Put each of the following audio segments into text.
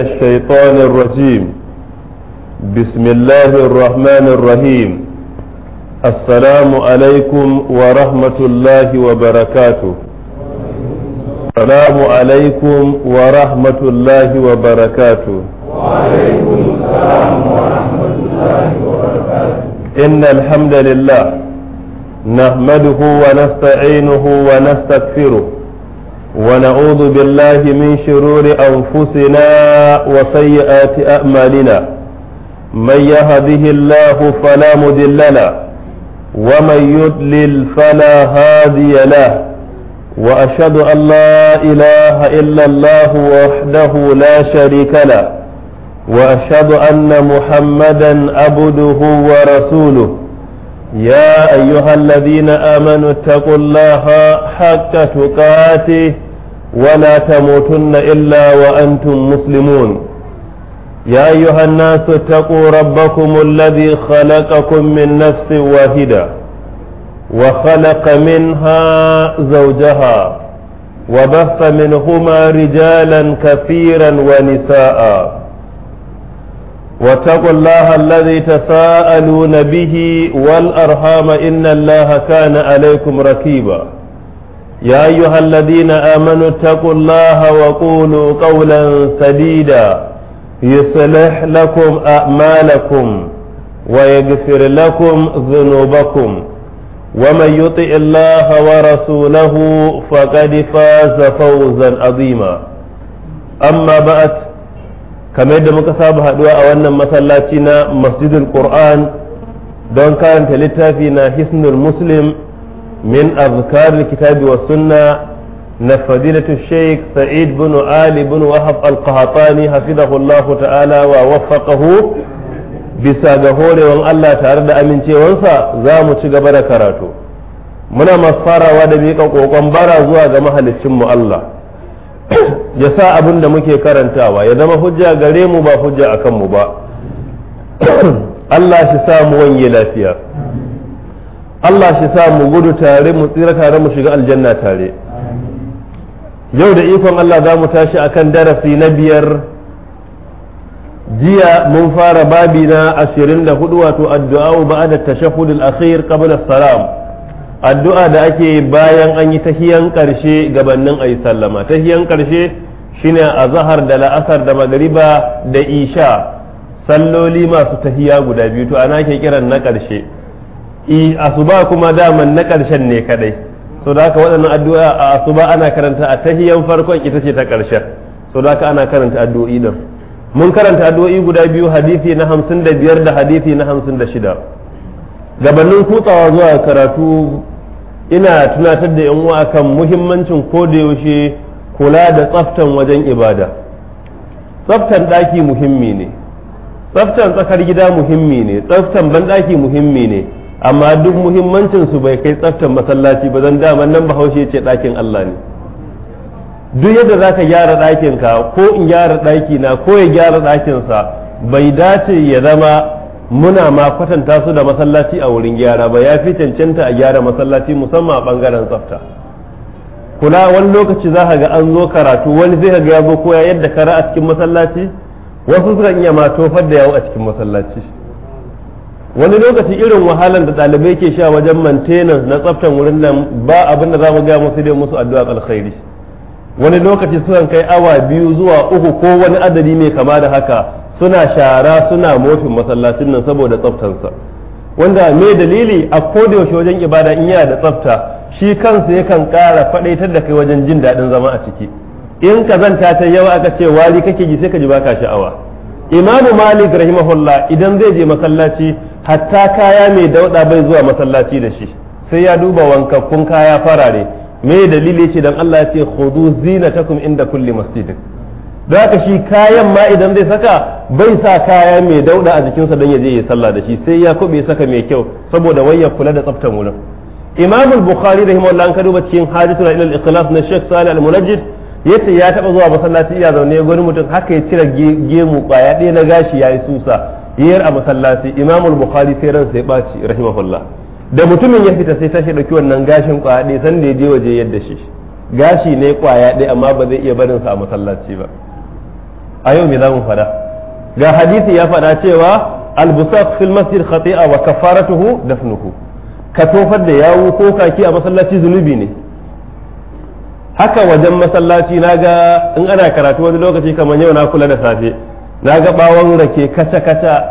الشيطان الرجيم بسم الله الرحمن الرحيم السلام عليكم ورحمة الله وبركاته السلام عليكم ورحمة الله وبركاته وعليكم السلام ورحمة الله وبركاته إن الحمد لله نحمده ونستعينه ونستغفره ونعوذ بالله من شرور أنفسنا وسيئات أعمالنا من يهده الله فلا مضل له ومن يضلل فلا هادي له وأشهد أن لا إله إلا الله وحده لا شريك له وأشهد أن محمدا عبده ورسوله يا أيها الذين آمنوا اتقوا الله حق تقاته ولا تموتن إلا وأنتم مسلمون يا أيها الناس اتقوا ربكم الذي خلقكم من نفس واحدة وخلق منها زوجها وبث منهما رجالا كثيرا ونساء واتقوا الله الذي تساءلون به والأرحام إن الله كان عليكم ركيبا يا أيها الذين آمنوا اتقوا الله وقولوا قولا سديدا يصلح لكم أعمالكم ويغفر لكم ذنوبكم ومن يطع الله ورسوله فقد فاز فوزا عظيما أما بعد كما يدى مكساب هدواء وأن مسلاتنا مسجد القرآن دون كانت لتافينا حسن المسلم min من أذكار الكتاب والسنة لفضيلة الشيخ سعيد بن آل بن وهب القهطاني حفظه الله تعالى ووفقه bisa ga horewan Allah tare da amincewansa za mu ci gaba da karatu muna masu farawa da miƙa ƙoƙon bara zuwa ga mahaliccin mu Allah ya sa abin da muke karantawa ya zama hujja gare mu ba hujja a kanmu ba Allah shi sa mu wanye lafiya Allah shi sa mu gudu tare mu tsira tare mu shiga aljanna tare yau da ikon Allah za mu tashi akan darasi na biyar jiya mun fara babi na ashirin da hudu wato addu'a da tashahhud al-akhir as salam addu'a da ake bayan an yi tahiyan karshe gabanin ayi sallama tahiyan karshe shine azhar da la'asar da magariba da isha salloli masu tahiya guda biyu to ana ke kiran na karshe i e, asuba kuma daman na ƙarshen ne kadai so da haka waɗannan addu'a a asuba ana karanta a tahiyan farkon ita ce ta ƙarshen so da haka ana karanta addu'o'i din mun karanta addu'o'i guda biyu hadisi na hamsin da biyar da hadisi na hamsin da shida gabanin kutsawa zuwa karatu ina tunatar da yan uwa kan muhimmancin ko da yaushe kula da tsaftan wajen ibada tsaftan ɗaki muhimmi ne tsaftan tsakar gida muhimmi ne tsaftan banɗaki muhimmi ne amma duk muhimmancin su bai kai tsaftar masallaci ba zan daman nan bahaushe ce ɗakin Allah ne duk yadda za ka gyara ɗakinka ka ko in gyara ɗaki na ko ya gyara ɗakinsa bai dace ya zama muna ma kwatanta su da masallaci a wurin gyara ba ya fi cancanta a gyara masallaci musamman a bangaren tsafta kula wani lokaci za ka ga an zo karatu wani zai ga ya zo koya yadda kara a cikin masallaci wasu sukan iya ma tofar da yawo a cikin masallaci wani lokaci irin wahalan da ɗalibai ke sha wajen maintenance na tsaftan wurin nan ba abin da za mu gaya musu dai musu addu'a alkhairi wani lokaci sukan kai awa biyu zuwa uku ko wani adadi mai kama da haka suna shara suna mofin masallacin nan saboda tsaftansa wanda mai dalili a koda yaushe wajen ibada in yana da tsafta shi kansa yakan ƙara faɗaitar da kai wajen jin daɗin zama a ciki in ka zanta ta yawa aka ce wali kake ji sai ka ji baka sha'awa imamu malik rahimahullah idan zai je masallaci hatta kaya mai dauda bai zuwa masallaci da shi sai ya duba wankakkun kaya farare me dalili ce dan Allah ya ce khudu zinatakum inda kulli masjid Da haka shi kayan ma idan zai saka bai sa kaya mai dauda a jikinsa don ya je ya sallah da shi sai ya kube saka mai kyau saboda wai ya kula da tsaftar wurin imam bukhari rahimahullah an ka duba cikin ila al ikhlas na sheikh salih al-munajjid ya ce ya taɓa zuwa masallaci iya zaune gwani mutum haka ya cire gemu kwaya ɗaya na gashi ya yi susa yayar a masallaci imamul bukhari sai ran sai ɓaci rahimahullah da mutumin ya fita sai tashi ɗauki wannan gashin kwaya ɗaya san da ya je waje yadda shi gashi ne kwaya ɗaya amma ba zai iya barin sa a masallaci ba a yau me za mu faɗa ga hadisi ya faɗa cewa albusaq fil masjid khati'a wa kafaratuhu dafnuhu ka tofar da yawu ko kaki a masallaci zunubi ne haka wajen masallaci naga in ana karatu wani lokaci kamar yau na kula da safe naga bawon rake kaca kaca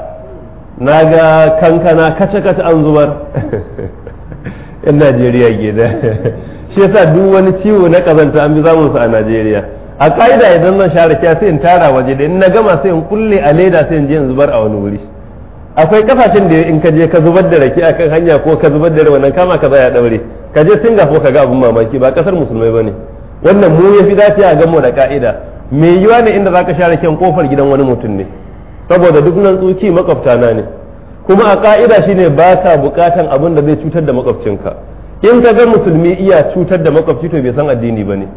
naga kankana kaca kaca an zubar in najeriya gida shi yasa duk wani ciwo na kazanta an bi zamun sa a najeriya a ka'ida idan zan sha kya sai in tara waje da in na gama sai in kulle a leda sai in je in zubar a wani wuri akwai kasashen da in ka je ka zubar da rake akan hanya ko ka zubar da wannan kama ka zaya daure ka je singapore ka ga abun mamaki ba kasar musulmai ba ne wannan mu ya fi dace a gamo da ka'ida me yiwa ne inda zaka share kyan kofar gidan wani mutum ne saboda duk nan tsuki makwabta na ne kuma a ka'ida shine ba ta bukatan abin da zai cutar da makwabcinka in ka ga musulmi iya cutar da makwabci to bai san addini ba ne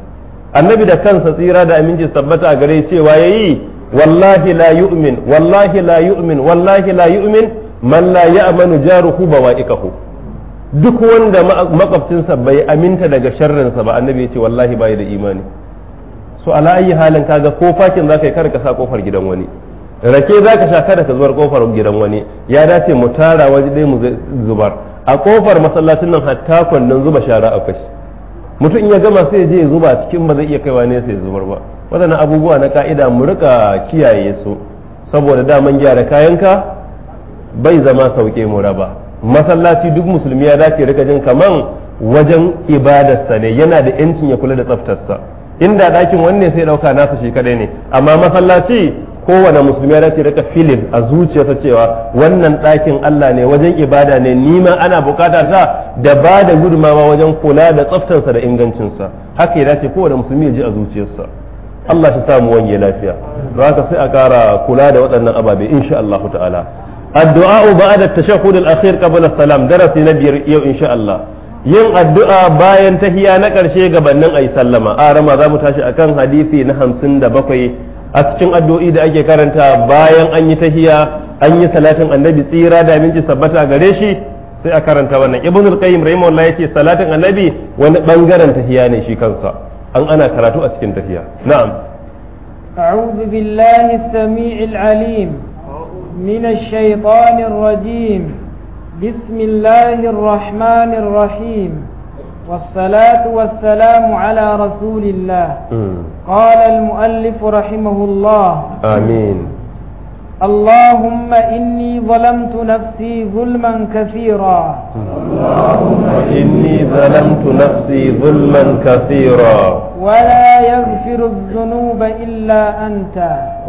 annabi da kansa tsira da aminci tabbata a gare cewa yayi wallahi la yu'min wallahi la yu'min wallahi la yu'min man la ya'manu jaruhu bawa'ikahu duk wanda makwabcinsa bai aminta daga sharrinsa ba annabi ya ce wallahi bai da imani so ala ayi halin kaga ko fakin zaka yi kada ka sa kofar gidan wani rake zaka sha kada ka zubar kofar gidan wani ya dace mu tara waje dai mu zubar a kofar masallacin nan hatta kwandon zuba shara a fashi mutum ya gama sai je zuba cikin ba zai iya kaiwa ne sai zubar ba wadannan abubuwa na ka'ida mu rika kiyaye su saboda daman gyara kayan ka bai zama sauke mu raba masallaci duk musulmi ya dace rika jin kaman wajen ibadarsa ne yana da yancin ya kula da tsaftarsa inda ɗakin wanne sai ɗauka nasa shi kadai ne amma masallaci kowane musulmi ya dace rika filin a zuciyarsa cewa wannan ɗakin Allah ne wajen ibada ne nima ana bukata sa da ba da gudumawa wajen kula da tsaftarsa da ingancinsa haka ya dace kowane musulmi ya ji a zuciyarsa Allah ta samu wange lafiya za ka sai a ƙara kula da waɗannan ababe insha Allah ta'ala addu'a ba'da tashahhud al-akhir qabla salam darasi na biyar yau insha Allah yin addu'a bayan tahiya na karshe gabanin ayi sallama a rama za mu tashi akan hadisi na 57 a cikin addu'o'i da ake karanta bayan an yi tahiya an yi salatin annabi tsira da minci sabbata gare shi sai a karanta wannan ibn al-qayyim rahimahullah yace salatin annabi wani bangaren tahiya ne shi kansa an ana karatu a cikin tahiya na'am a'udhu billahi as-sami'il 'alim من الشيطان الرجيم بسم الله الرحمن الرحيم والصلاة والسلام على رسول الله قال المؤلف رحمه الله آمين اللهم إني ظلمت نفسي ظلما كثيرا اللهم إني ظلمت نفسي ظلما كثيرا ولا يغفر الذنوب إلا أنت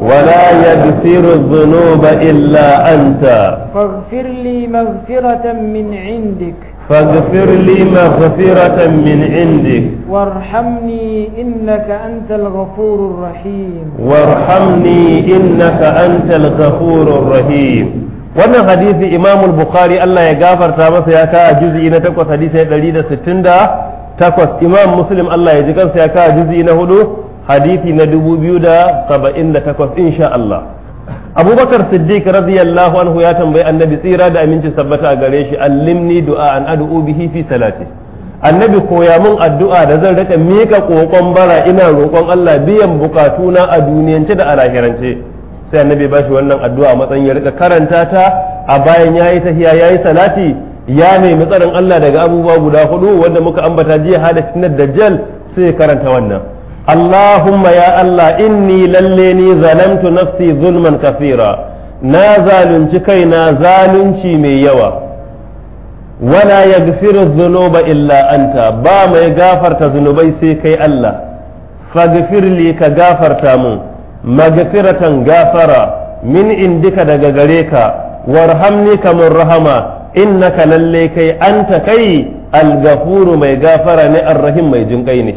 ولا يغفر الذنوب إلا أنت فاغفر لي مغفرة من عندك فاغفر لي مغفرة من عندك وارحمني إنك أنت الغفور الرحيم وارحمني إنك أنت الغفور الرحيم wannan hadisi imamul bukhari Allah ya gafarta masa ya kawo juz'i na takwas hadisi ɗari da sittin da takwas imam muslim Allah ya ji kansa ya kawo juz'i na hudu hadisi na dubu biyu da saba'in da takwas insha Allah abubakar siddiq radiyallahu anhu ya tambayi annabi tsira da aminci sabbata a gare shi allimni du'a an ad'u bihi fi salati annabi koya mun addu'a da zan rika mika kokon bara ina roƙon Allah biyan bukatuna a duniyance da a lahirance sai annabi ba bashi wannan addu'a matsayin ya rika karanta ta a bayan yayi tahiya yayi salati ya nemi tsarin Allah daga abubuwa guda hudu wanda muka ambata jiya hada jal dajjal sai karanta wannan Allahumma ya Allah in ni lallai ni zalamtu nafsi zulman kafira na zalunci kaina zalunci mai yawa wala yaghfiru dhunuba illa anta ba mai gafarta zunubai sai kai Allah faghfir li ka gafarta mun magfiratan gafara min in dika daga gare ka warhamni kamar rahama naka lalle kai anta kai al mai gafara ne arrahim mai jinkai ne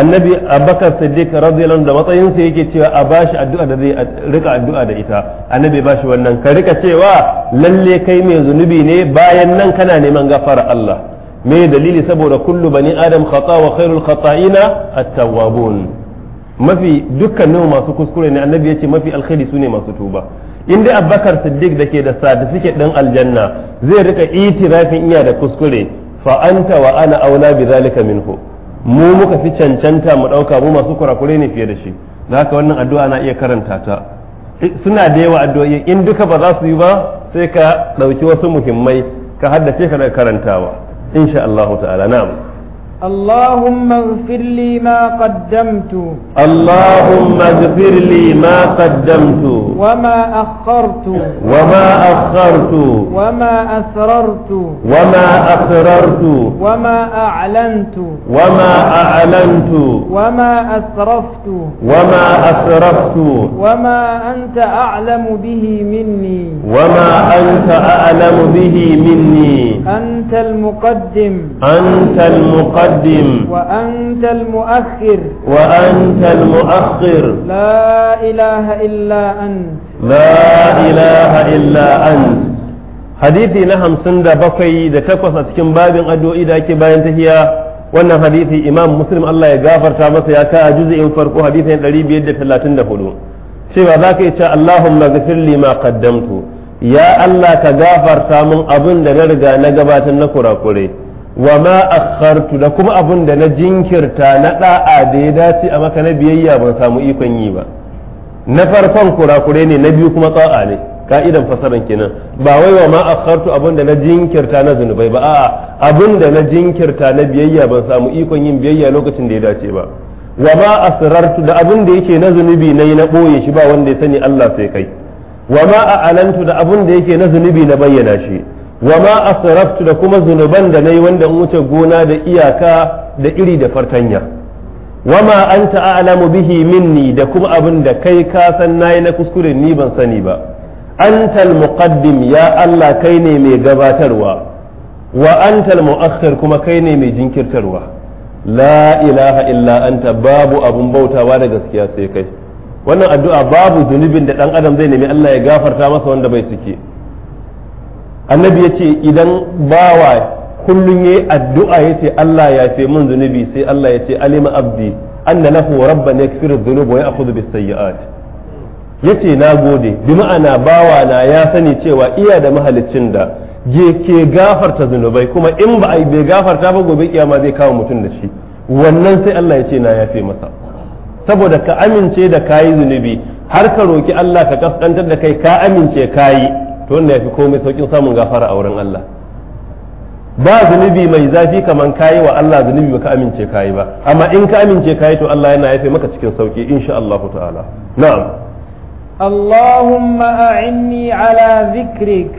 annabi abakar siddiq radiyallahu da matsayinsa sa yake cewa a bashi addu'a da zai rika addu'a da ita annabi bashi wannan ka rika cewa lalle kai mai zunubi ne bayan nan kana neman gafara Allah me dalili saboda kullu bani adam khata wa khairul khata'ina at-tawwabun mafi dukkanin masu kuskure ne annabi yace mafi alkhairi ne masu tuba in dai abubakar siddiq da ke da suke din aljanna zai rika itirafin iya da kuskure fa anta wa ana aula bi zalika minhu mu muka fi cancanta mu ɗauka mu masu kurakure ne fiye da shi da haka wannan addu'a na iya karanta ta suna da yawa addu'o'i in duka ba za su yi ba sai ka ɗauki wasu muhimmai ka haddace ka daga karantawa insha Allah ta'ala na'am اللهم اغفر لي ما قدمت اللهم اغفر لي ما قدمت وما أخرت وما أخرت وما أسررت وما أسررت وما أعلنت وما أعلنت وما أسرفت وما أسرفت وما أنت أعلم به مني وما أنت أعلم به مني أنت المقدم أنت المقدم المقدم وأنت المؤخر وأنت المؤخر لا إله إلا أنت لا إله إلا أنت حديثي نهم سند بقي da takwas a cikin babin addu'o'i da ake bayan tahiya wannan hadisi imam muslim Allah ya gafarta masa ya ka juz'in farko hadisin 534 cewa za ka yi ce Allahumma ghafir ma qaddamtu ya Allah ka gafarta mun abin da na riga na gabatar na kurakure wa ma akhartu da kuma abun da na jinkirta na da'a da ya dace a maka na biyayya ban samu ikon yi ba na farkon kurakure ne na biyu kuma tsa'a ne ka'idan fasaran kenan ba wai wa ma akhartu abun da na jinkirta na zunubai ba a'a abun da na jinkirta na biyayya ban samu ikon yin biyayya lokacin da ya dace ba wa ma asrartu da abun da yake na zunubi nayi na boye shi ba wanda ya sani Allah sai kai wa ma a'lantu da abun da yake na zunubi na bayyana shi wa ma asraftu da kuma zunuban da nayi wanda in wuce gona da iyaka da iri da fartanya wama ma anta a'lamu bihi minni da kuma abin da kai ka san nayi na kuskure ni ban sani ba antal muqaddim ya Allah kai ne mai gabatarwa wa antal mu'akhkhir kuma kai ne mai jinkirtarwa la ilaha illa anta babu abun bautawa da gaskiya sai kai wannan addu'a babu zunubin da dan adam zai nemi Allah ya gafarta masa wanda bai cike annabi ya ce idan bawa kullum ya yi addu'a ya ce Allah ya fi mun zunubi sai Allah ya ce alima abdi anna lahu ne yakfiru dhunuba wa ya'khudhu bis sayyi'at yace na gode bi ma'ana bawa na ya sani cewa iya da mahaliccin da je ke gafarta zunubai kuma in ba a ai bai gafarta ba gobe kiyama zai kawo mutum da shi wannan sai Allah ya ce na yafe masa saboda ka amince da kayi zunubi har ka roki Allah ka kaskantar da kai ka amince kayi to wannan yafi komai saukin samun gafara a wurin Allah ba zunubi mai zafi kaman kayi wa Allah zunubi baka amince kayi ba amma in ka amince kayi to Allah yana yafe maka cikin sauki insha Allah ta'ala na'am اللهم أعني على ذكرك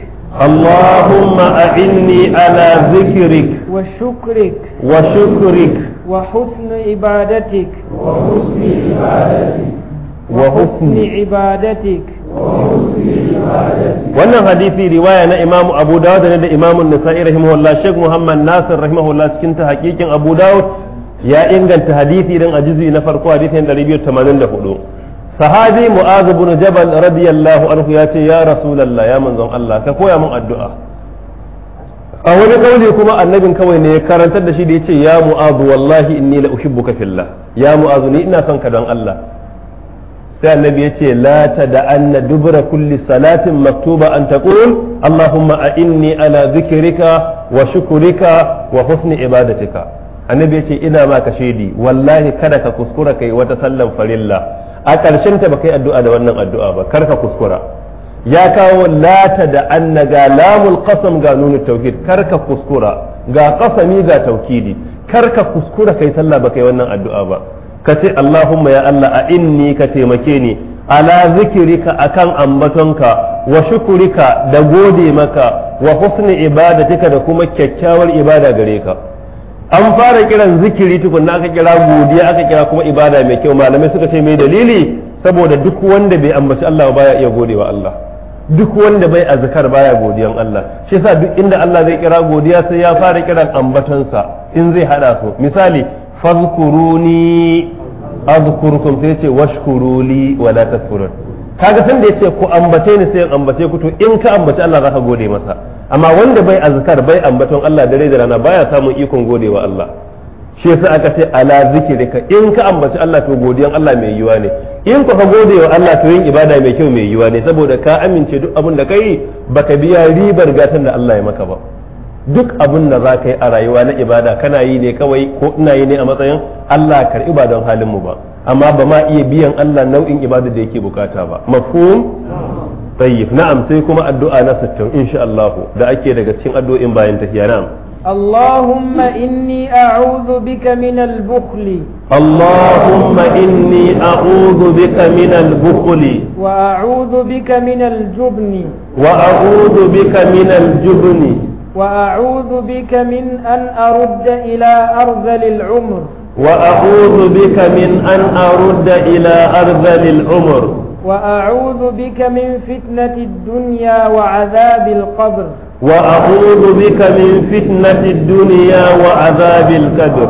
اللهم أعني على ذكرك وشكرك وشكرك وحسن عبادتك وحسن عبادتك وحسن عبادتك wannan hadisi riwaya na imamu abu dawud ne da imamun nasa'i rahimahullah shek muhammad nasir rahimahullah cikin ta hakikin abu dawud ya inganta hadisi din a na farko hadisin 284 sahabi mu'az ibn jabal radiyallahu anhu ya ce ya rasulullah ya manzon Allah ka koya mun addu'a a wani kauli kuma annabin kawai ne ya karantar da shi da ya ce ya mu'az wallahi inni la uhibbuka fillah ya mu'az ni ina son ka don Allah sai annabi yace la anna dubra kulli salatin maktuba an taqul allahumma a inni ala zikrika wa shukrika wa husni ibadatika annabi yace ina maka ka shaidi wallahi kada ka kuskura kai wata sallan farilla a ƙarshen ta baka yi addu'a da wannan addu'a ba kar ka kuskura ya kawo lata da anna ga lamul qasam ga nunu tauhid kar ka kuskura ga qasami ga tauhidi kar ka kuskura kai sallah baka yi wannan addu'a ba ka ce Allahumma ya Allah a inni ka taimake ni ala zikirika akan ambatonka wa shukurika da gode maka wa husni ibadatika da kuma kyakkyawar ibada gare ka an fara kiran zikiri tukunna aka kira godiya aka kira kuma ibada mai kyau malamai suka ce mai dalili saboda duk wanda bai ambaci Allah baya iya godewa Allah duk wanda bai azkar baya godiyan Allah shi yasa duk inda Allah zai kira godiya sai ya fara kiran ambatonsa in zai hada su misali fazkuruni azkurukum sai ce washkuru li wa kaga san da yace ku ambace ni sai ambace ku to in ka ambaci Allah zaka gode masa amma wanda bai azkar bai ambaton Allah dare da rana baya samun ikon godewa Allah shi yasa aka ce ala zikrika in ka ambaci Allah to godiyan Allah mai yiwa ne in ka godewa Allah to yin ibada mai kyau mai yiwa ne saboda ka amince duk abin da kai baka biya ribar gatan da Allah ya maka ba duk abin da za ka yi a rayuwa na ibada kana yi ne kawai ko ina yi ne a matsayin Allah karɓi ba don halin mu ba amma ba ma iya biyan Allah nau'in ibada da yake bukata ba mafhum tayyib na'am sai kuma addu'a na 60 insha Allah da ake daga cikin addu'o'in bayan tafiya na'am اللهم إني أعوذ بك من البخل اللهم إني أعوذ بك من البخل وأعوذ بك من الجبن وأعوذ بك من الجبن وأعوذ بك من أن أرد إلى أرذل العمر وأعوذ بك من أن أرد إلى أرذل العمر وأعوذ بك من فتنة الدنيا وعذاب القبر وأعوذ بك من فتنة الدنيا وعذاب القبر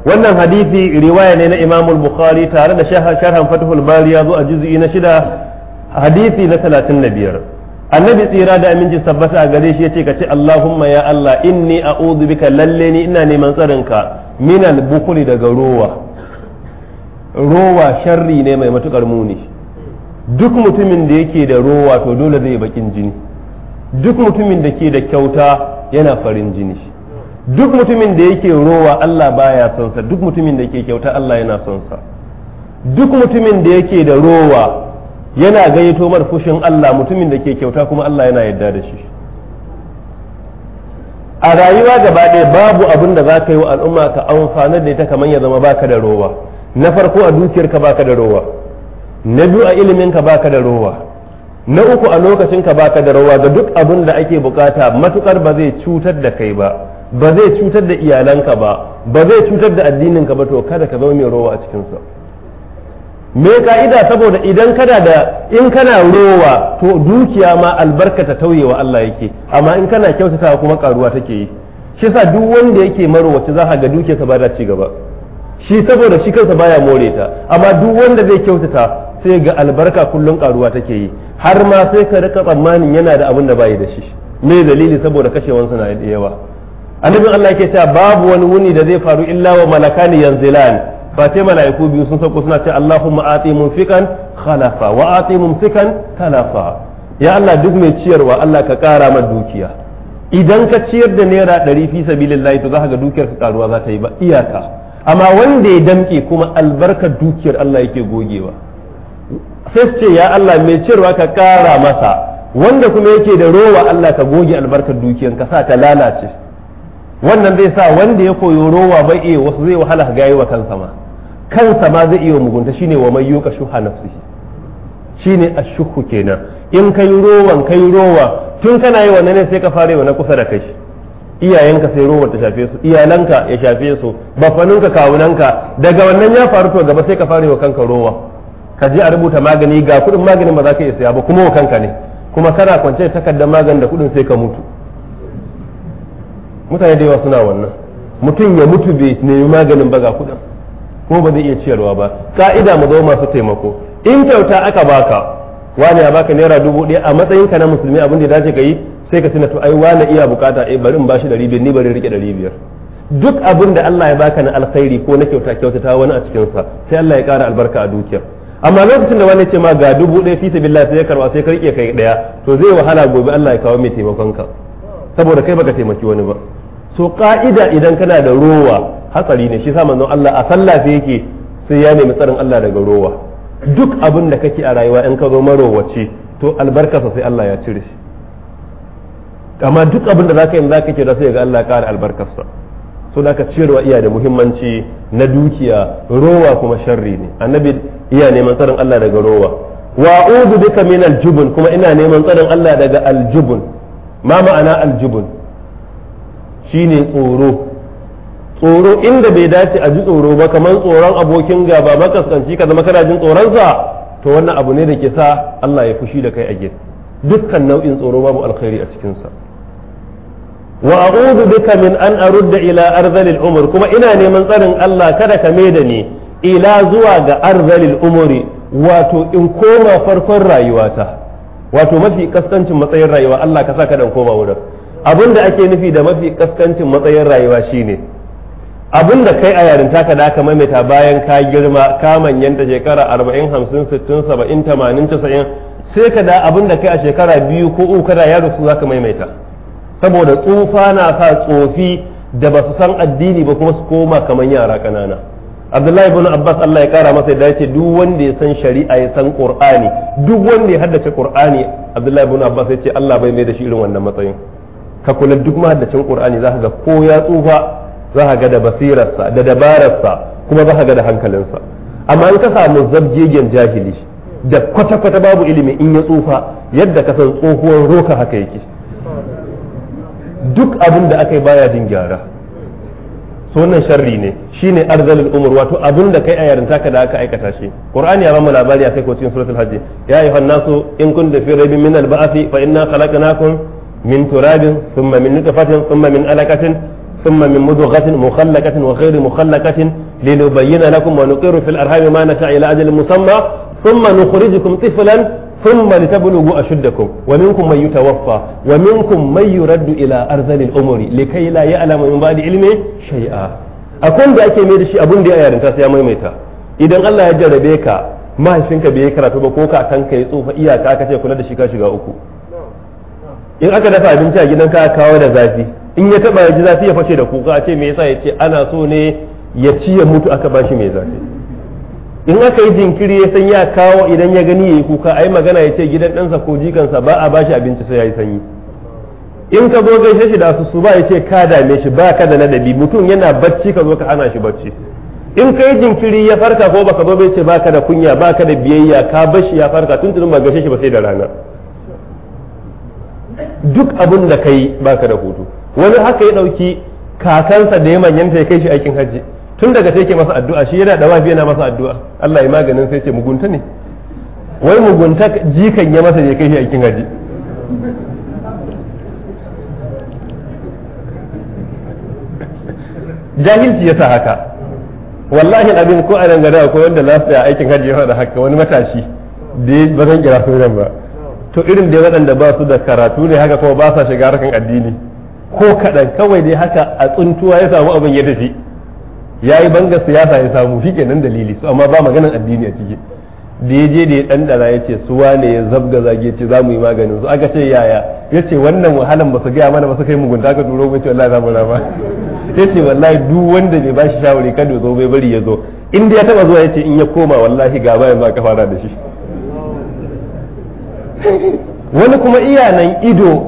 wannan hadisi riwaya ne na Imam تعالى bukhari tare da sharhan Fathul Bari ya zo a juz'i na shida hadisi na 35 annabi tsira da aminci sabbata a gare shi yace kace Allahumma ya Allah inni a'udhu bika lalle ni ina neman tsarinka minal bukhli daga rowa rowa sharri ne mai matukar muni duk mutumin da yake da rowa to dole zai bakin jini duk mutumin da ke da kyauta yana farin jini duk mutumin da yake rowa Allah baya son sa duk mutumin da yake kyauta Allah yana son sa duk mutumin da yake da rowa yana gayyato mar fushin Allah mutumin da ke kyauta kuma Allah yana yadda da shi a rayuwa gaba ɗaya babu abin da za ka yi wa al'umma ka amfana da ita kamar ya zama baka da rowa na farko a dukiyarka baka da rowa na biyu a iliminka baka da rowa na uku a lokacin ka baka da rowa ga duk abin da ake bukata matukar ba zai cutar da kai ba ba zai cutar da iyalanka ba ba zai cutar da addininka ba to kada ka zama mai rowa a cikin sa me ka'ida saboda idan kana da in kana rowa to dukiya ma albarkata ta tauyewa Allah yake amma in kana kyautata kuma karuwa take yi shi yasa duk wanda yake marowaci za ka ga dukiyarsa ba da ci gaba shi saboda shi kansa baya more ta amma duk wanda zai kyautata sai ga albarka kullun karuwa take yi har ma sai ka rika tsammanin yana da abin da bai da shi me dalili saboda kashewansa na da yawa annabin Allah yake cewa babu wani wuni da zai faru illa wa malakani yanzilan face mala'iku biyu sun sauko suna ce Allahumma ati munfiqan khalafa wa ati mumsikan talafa ya Allah duk mai ciyarwa Allah ka kara ma dukiya idan ka ciyar da naira ɗari fi sabilillahi to zaka ga dukiyar ka karuwa za ta yi ba iyaka amma wanda ya damke kuma albarkar dukiyar Allah yake gogewa sai ce ya Allah mai ciyarwa ka kara masa wanda kuma yake da rowa Allah ka goge albarkar dukiyar ka sa ta lalace wannan zai sa wanda ya koyo rowa bai iya eh, wasu zai wahala ga yi wa kansa ma kansa ma zai iya mugunta shine wa mai yuka shuha nafsihi shine ashukhu kenan in kai rowan kai rowa tun kana yi wannan ne sai ka fara yi na kusa da kai iyayenka sai rowar ta shafe su iyalanka ya shafe su bafaninka kawunanka daga wannan ya faru to gaba sai ka fara yi wa kanka rowa ka je a rubuta magani ga kudin maganin ba za ka iya saya ba kuma wa kanka ne kuma kana kwance da takardar maganin da kudin sai ka mutu mutane da yawa suna wannan mutum ya mutu bai nemi maganin ba ga kudin ko ba zai iya ciyarwa ba ka'ida mu zama masu taimako in kyauta aka baka wani ya baka naira dubu ɗaya a matsayin ka na musulmi abin da ya dace ka yi sai ka tuna to ai wani iya bukata eh bari in bashi ɗari biyar ni bari rike ɗari biyar duk abin da Allah ya baka na alkhairi ko na kyauta kyauta ta wani a cikin sa sai Allah ya kara albarka a dukiya amma lokacin da wani ce ma ga dubu ɗaya fi sabilillah sai ya karba sai ka rike kai ɗaya to zai wahala gobe Allah ya kawo mai taimakon ka saboda kai baka taimaki wani ba so ka'ida idan kana da rowa hatsari ne shi sa manzon Allah a sallafe yake sai ya nemi tsarin Allah daga rowa duk abin da kake a rayuwa in ka zo marowace to albarkarsa sai Allah ya cire shi amma duk abin da zaka yi zaka kira sai ga Allah ƙara albarkarsa so da ka ciyarwa iya da muhimmanci na dukiya rowa kuma sharri ne annabi iya neman tsarin Allah daga rowa wa a'udhu bika min aljubun kuma ina neman tsarin Allah daga aljubun ma ma'ana aljubun shine tsoro tsoro inda bai dace a ji tsoro ba kamar tsoron abokin gaba makaskanci ka zama kana jin tsoronsa to wannan abu ne da ke sa Allah ya fushi da kai a gefe dukkan nau'in tsoro babu alkhairi a cikinsa wa a'udhu bika min an arudda ila arzalil umur kuma ina neman tsarin Allah kada ka da ni ila zuwa ga arzalil umuri wato in koma farkon rayuwata wato mafi kaskancin matsayin rayuwa Allah ka sa ka dan koma wurin abin da ake nufi da mafi kaskancin matsayin rayuwa shine abin da kai a yarinta ka daka ka maimaita bayan ka girma ka manyanta shekara arba'in hamsin sittin saba'in tamanin casa'in sai ka da abin da kai a shekara biyu ko uku kada yaro su za ka maimaita saboda tsufa na sa tsofi da ba su san addini ba kuma su koma kamar yara kanana abdullahi ibn abbas allah ya kara masa da yace duk wanda ya san shari'a ya san qur'ani duk wanda ya haddace qur'ani abdullahi ibn abbas ya ce allah bai mai da shi irin wannan matsayin ka kula duk mahaddacin qur'ani zaka ga ko ya tsufa za ga da basirarsa da dabararsa kuma zaka ga da hankalinsa amma in ka samu zabjegen jahili da kwata-kwata babu ilimi in ya tsufa yadda ka san tsohuwar roka haka yake duk abin da aka yi baya jin gyara so wannan sharri ne shine arzalul umur wato abin da kai a yarinta ka da aka aikata shi qur'ani ya bamu labari kai ko cikin suratul hajj ya ayyuhan nasu in kuntum fi raibin min al-ba'thi fa inna khalaqnakum من تراب ثم من نطفة ثم من علقة ثم من مضغة مخلقة وغير مخلقة لنبين لكم ونقر في الأرحام ما نشاء إلى أجل مسمى ثم نخرجكم طفلا ثم لتبلغوا أشدكم ومنكم من يتوفى ومنكم من يرد إلى أرذل الأمور لكي لا يعلم من بعد علمه شيئا أكون da ake mai da shi abun da ya yarinta sai ya maimaita idan Allah ya jarrabe ka mahaifinka bai karatu ba ko kakanka ya tsufa iyaka ka ce kula da shi ka shiga uku in aka dafa abinci a gidan ka kawo da zafi in ya taba ya ji zafi ya fashe da kuka a ce me yasa ya ana so ne ya ci ya mutu aka bashi mai zafi in aka yi jinkiri ya san ya kawo idan ya gani ya yi kuka ai magana ya ce gidan ɗansa ko jikansa ba a bashi abinci sai ya yi sanyi in ka zo gaishe shi da su ba ya ce ka dame shi ba ka da ladabi mutum yana bacci ka zo ka hana shi bacci in ka yi jinkiri ya farka ko baka zo bai ce ba ka da kunya ba ka da biyayya ka bashi ya farka tun tunin ba gaishe shi ba sai da rana duk abin da kai baka da hutu wani haka ya dauki kakansa da ya manyanta ya kai shi aikin hajji tun daga sai ke masa addu'a shi yana dawafi yana masa addu'a Allah ya maganin sai ce mugunta ne wai mugunta jikan ya masa ya kai shi aikin hajji jahilci ya sa haka wallahi abin ko a dangada ko wanda za su aikin hajji ya faɗa haka wani matashi da ba zan kira sunan ba to irin dai waɗanda ba su da karatu ne haka kuma ba sa shiga harkan addini ko kaɗan kawai dai haka a tsuntuwa ya samu abin ya tafi ya yi banga siyasa ya samu shi nan dalili su amma ba maganan addini a ciki da ya je da ya ɗanɗana ya ce su wane ya zabga zage ce za mu yi maganin su aka ce yaya ya ce wannan wahalan ba su gaya mana ba su kai mugunta aka turo mai ce wallahi za mu rama ya ce wallahi duk wanda bai ba shi shawari kada ya zo bai bari ya zo in da ya taba zuwa ya ce in ya koma wallahi ga bayan ma ka fara da shi wani kuma iyanan ido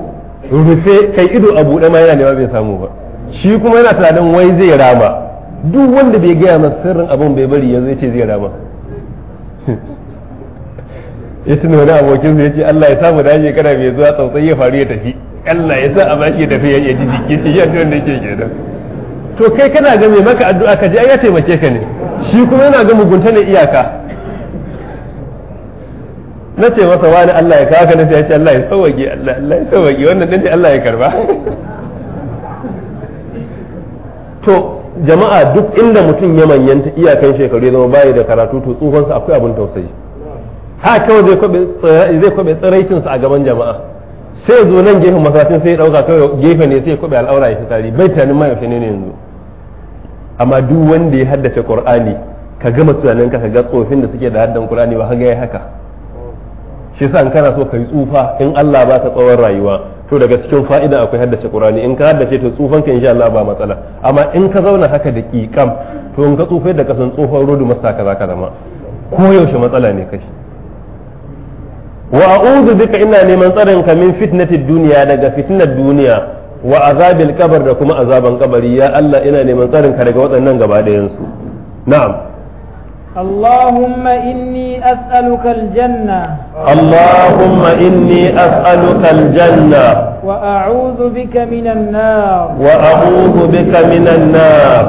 rufe kai ido a buɗe ma yana nema bai samu ba shi kuma yana tunanin wai zai rama duk wanda bai gaya masa sirrin abin bai bari yanzu ya ce zai rama ya tuna wani abokin ya ce Allah ya samu dace kana mai zuwa tsautsai ya faru ya tafi Allah ya sa a bashi ya tafi ya ji jiki ce ya da ke kenan to kai kana ga mai maka addu'a ka ji ai ya taimake ka ne shi kuma yana ga mugunta ne iyaka na ce masa wani Allah ya kawo kana ya ce Allah ya tsawage Allah ya tsawage wannan ɗin Allah ya karba to jama'a duk inda mutum ya manyanta iyakan shekaru ya zama bayi da karatu to tsohonsa akwai abin tausayi ha kawai zai kwabe zai kwabe tsiraicinsa a gaban jama'a sai zo nan gefen masashin sai ya ɗauka kawai gefe ne sai ya kwabe al'aura ya fitari bai tunanin ma ne yanzu amma duk wanda ya haddace kur'ani ka gama tunanin ka ga tsofin da suke da haddan qur'ani ba ka ga haka shi yasa in kana so ka yi tsufa in Allah ba ta tsawon rayuwa to daga cikin fa'ida akwai haddace Qur'ani in ka haddace to tsufan ka insha Allah ba matsala amma in ka zauna haka da kikam to in ka tsufa da kasan tsufan rodu masa ka zaka zama ko yaushe matsala ne kai wa a'udhu bika ina neman tsarin ka min fitnatid duniya daga fitnar duniya wa azabil kabar da kuma azaban kabari ya Allah ina neman tsarin ka daga waɗannan gaba ɗayan su na'am اللهم إني أسألك الجنة اللهم إني أسألك الجنة وأعوذ بك من النار وأعوذ بك من النار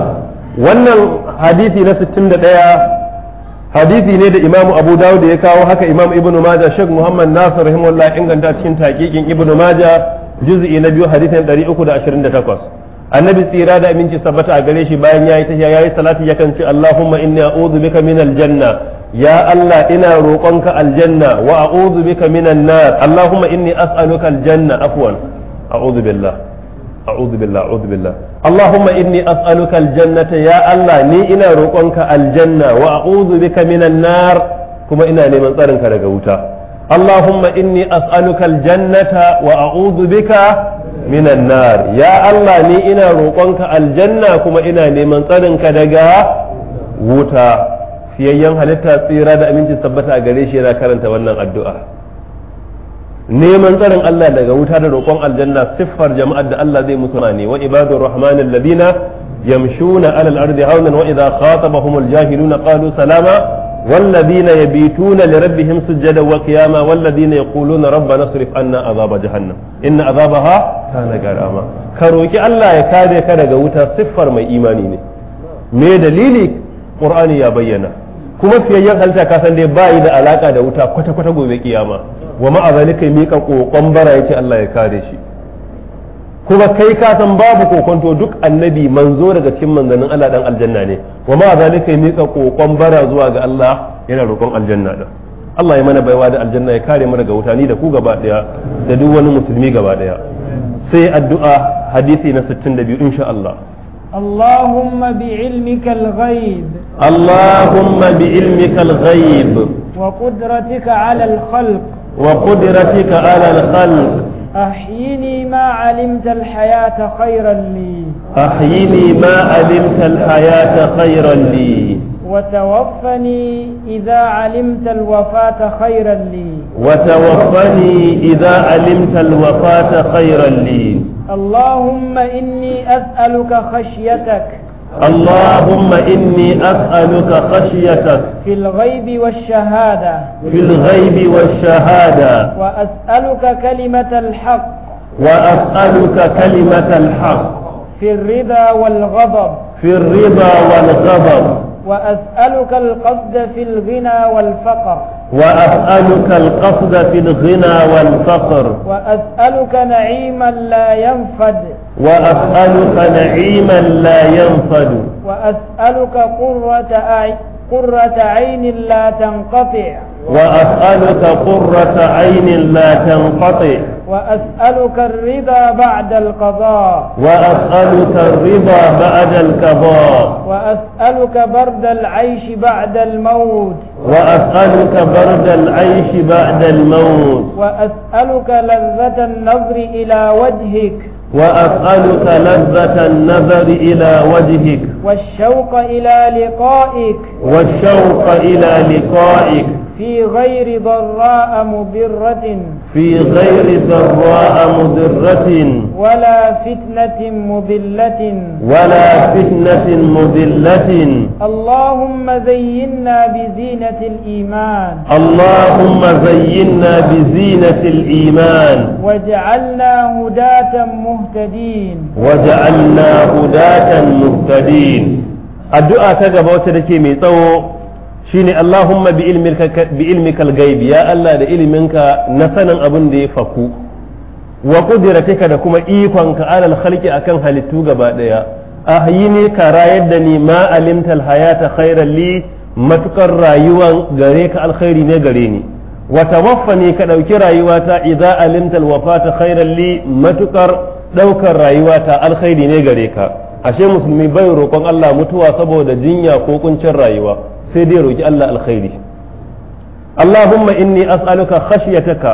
wannan hadisi na 61 hadisi ne da imamu abu dawud ya kawo haka imam ibnu maja shek muhammad nasir rahimahullah inganta cikin taqiqin ibnu maja juz'i na biyu hadisin 328 annabi tsira da aminci sabbata a gare shi bayan ya yi yayi ya yi salati yakan ce Allahumma inni a'udhu bika min aljanna ya Allah ina roƙonka aljanna wa a'udhu bika minan nar Allahumma inni as'aluka aljanna afwan a'udhu billah a'udhu billah a'udhu billah Allahumma inni as'aluka aljannata ya Allah ni ina roƙonka aljanna wa a'udhu bika minan nar kuma ina neman tsarin ka daga wuta Allahumma inni as'aluka aljannata wa a'udhu bika minan nar ya Allah ni ina roƙonka aljanna kuma ina neman tsarinka daga wuta fiyayyen halitta tsira da aminci tabbata a gare shi yana karanta wannan addu'a neman tsarin Allah daga wuta da roƙon aljanna siffar jama'ar da Allah zai musu ne wa ibadur ladina yamshuna alal ardi hawnan wa idza khatabahumul jahiluna qalu salama ya والذين na لربهم سجدا وقياما والذين يقولون ربنا اصرف عنا عذاب جهنم ان عذابها كان غراما كروكي Allah ya kare ka daga wuta siffar mai imani ne me dalili Ƙur'ani ya bayyana kuma fiyayyen halitta ka san dai bai da alaka da wuta kwata kwata gobe kiyama wa ma'a zalika mika kokon bara yace Allah ya kare shi kuma kai ka san babu kokonto duk annabi manzo daga cikin manzannin Allah dan aljanna ne wa ma zalika ya mika kokon bara zuwa ga Allah yana roƙon aljanna da Allah ya mana baiwa da aljanna ya kare mu daga wuta ni da ku gaba daya da duk wani musulmi gaba daya sai addu'a hadisi na 62 insha Allah اللهم بعلمك الغيب اللهم بعلمك الغيب وقدرتك على الخلق وقدرتك على الخلق أحيني ما علمت الحياة خيرا لي أحيني ما علمت الحياة خيرا لي وتوفني إذا علمت الوفاة خيرا لي وتوفني إذا علمت الوفاة خيرا لي اللهم إني أسألك خشيتك اللهم إني أسألك خشيتك في الغيب والشهادة في الغيب والشهادة وأسألك كلمة الحق وأسألك كلمة الحق في الرضا والغضب في الرضا والغضب وأسألك القصد في الغنى والفقر وأسألك القصد في الغنى والفقر وأسألك نعيما لا ينفد وأسألك نعيما لا ينفد وأسألك قرة أعين قرة عين لا تنقطع وأسألك قرة عين لا تنقطع وأسألك الرضا بعد القضاء وأسألك الرضا بعد القضاء وأسألك برد العيش بعد الموت وأسألك برد العيش بعد الموت وأسألك لذة النظر إلى وجهك وأسألك لذة النظر إلى وجهك والشوق إلى لقائك والشوق إلى لقائك في غير ضراء مضرة في غير ضراء مضرة ولا فتنة مضلة ولا فتنة مضلة اللهم زينا بزينة الإيمان اللهم زينا بزينة الإيمان واجعلنا هداة مهتدين واجعلنا هداة مهتدين الدعاء تجب وتركي ميتو shine Allahumma bi ilmika bi ilmikal ya Allah da iliminka na sanin abin da ya faku wa qudratika da kuma ikon ka alal khalqi akan halittu gaba daya ahyini ka rayar da ni ma alimtal hayata khairan li matukar rayuwan gare ka alkhairi ne gare ni wa tawaffani ka dauki rayuwata idza alimtal wafata khairan li matukar daukar rayuwata alkhairi ne gare ka ashe musulmi bai roƙon Allah mutuwa saboda jinya ko kuncin rayuwa sai dai roki Allah alkhairi Allahumma inni as'aluka khashyataka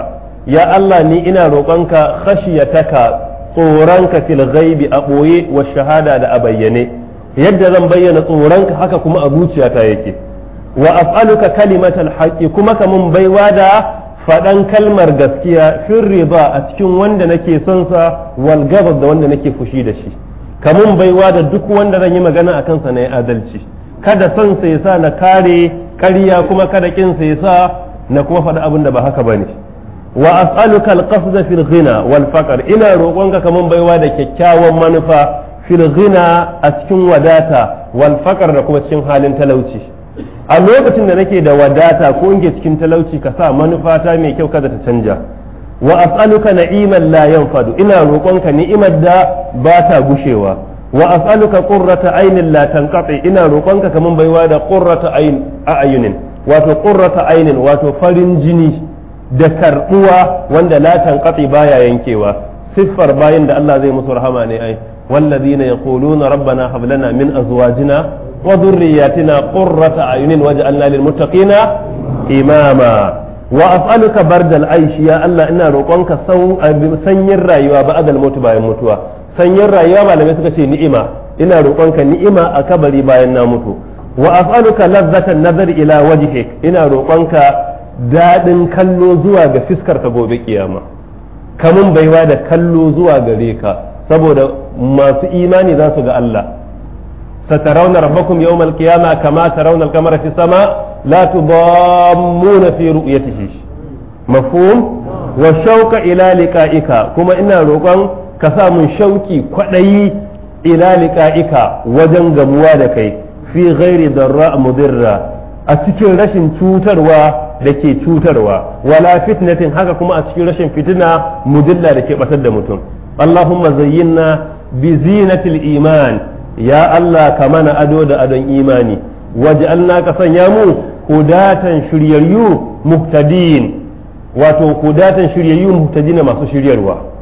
ya Allah ni ina roƙonka khashyataka tsoronka fil ghaibi a ɓoye wa shahada da a bayyane yadda zan bayyana tsoronka haka kuma a zuciyata yake wa as'aluka kalimatal haqqi kuma ka mun baiwa da faɗan kalmar gaskiya fin riba a cikin wanda nake son sa wal da wanda nake fushi da shi ka mun baiwa da duk wanda zan yi magana akan sa na adalci kada son sai sa na kare ƙarya kuma kada kin sa na kuma faɗi abin da ba haka bane wa as'aluka al-qasd da ghina wal faqr ina roƙonka kamar baiwa da kyakkyawan manufa fil a cikin wadata wal faqr da kuma cikin halin talauci a lokacin da nake da wadata ko inke cikin talauci ka sa manufa ta mai kyau kada ta canja wa as'aluka na'iman la yanfadu ina roƙonka ni'imar da ba ta gushewa wa as'aluka qurrata aynin la tanqati ina roƙonka kaman baiwa da qurrata ayn a ayunin wato qurrata aynin wato farin jini da karbuwa wanda la tanqati baya yankewa siffar bayan da Allah zai musu rahama ne ai walladhina yaquluna rabbana hab lana min azwajina wa dhurriyyatina qurrata aynin waj'alna lil muttaqina imama wa as'aluka bardal aishi Allah ina rokonka sanyin rayuwa ba'da al bayan mutuwa sanyin rayuwa malamai suka ce ni'ima ina roƙonka ni'ima a kabari bayan na mutu wa af'aluka ladzatan nazar ila wajhik ina roƙonka daɗin kallo zuwa ga fiskar ka gobe kiyama kamun baiwa da kallo zuwa gare ka saboda masu imani za su ga Allah yawmal qiyamah kama tarawna al-qamara fi في la tudammuna fi ru'yatihi mafhum wa والشوق ila liqa'ika kuma ina roƙon. ka sa mun shauki kwaɗayi ila wajen gamuwa da kai fi ghairi darra mudirra a cikin rashin cutarwa da ke cutarwa wala fitnatin haka kuma a cikin rashin fitina mudilla da ke batar da mutum allahumma zayyinna bi zinatil iman ya allah ka mana ado da adon imani waj'alna ka sanya mu hudatan shiryayyu muhtadin wato hudatan shiryayyu muhtadin masu shiryarwa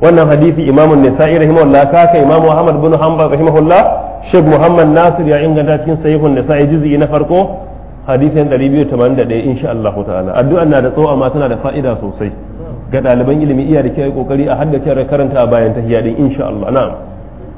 wannan hadisi imamun nisa'i rahimahullah kaka imamu muhammad bin hanbal rahimahullah sheikh muhammad nasir ya inganta cikin sahihun nisa'i juz'i na farko hadisin 281 insha Allah ta'ala addu'an na da tsawo amma tana da fa'ida sosai ga ɗaliban ilimi iya da kyau kokari a haddace karanta a bayan tahiyadin din insha Allah na'am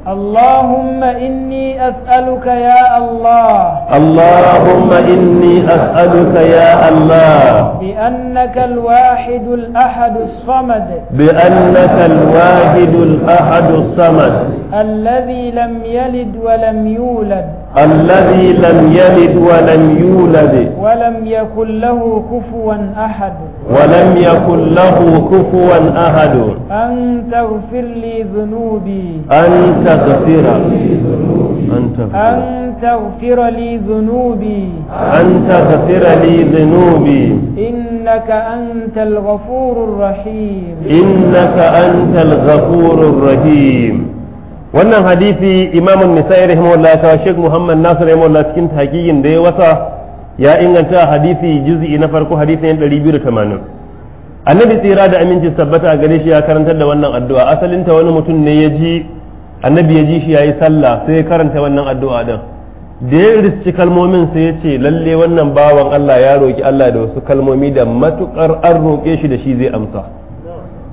اللهم إني أسألك يا الله اللهم إني أسألك يا الله بأنك الواحد الأحد الصمد بأنك الواحد الأحد الصمد الذي لم يلد ولم يولد الذي لم يلد ولم يولد ولم يكن له كفوا أحد ولم يكن له كفوا أحد أن تغفر لي ذنوبي أن تغفر أن تغفر تغفر لي ذنوبي أن تغفر لي ذنوبي إنك أنت الغفور الرحيم إنك أنت الغفور الرحيم wannan hadisi imamun nisa'i rahimahullah ya kawo sheikh muhammad nasir rahimahullah cikin hakikin da ya wasa ya inganta hadisi juz'i na farko hadisi ne 280 annabi tsira da aminci tabbata a gare shi ya karantar da wannan addu'a asalin ta wani mutum ne ya ji annabi ya ji shi yayi sallah sai ya karanta wannan addu'a din da ya riski kalmomin sai ya ce lalle wannan bawan Allah ya roki Allah da wasu kalmomi da matukar an roke shi da shi zai amsa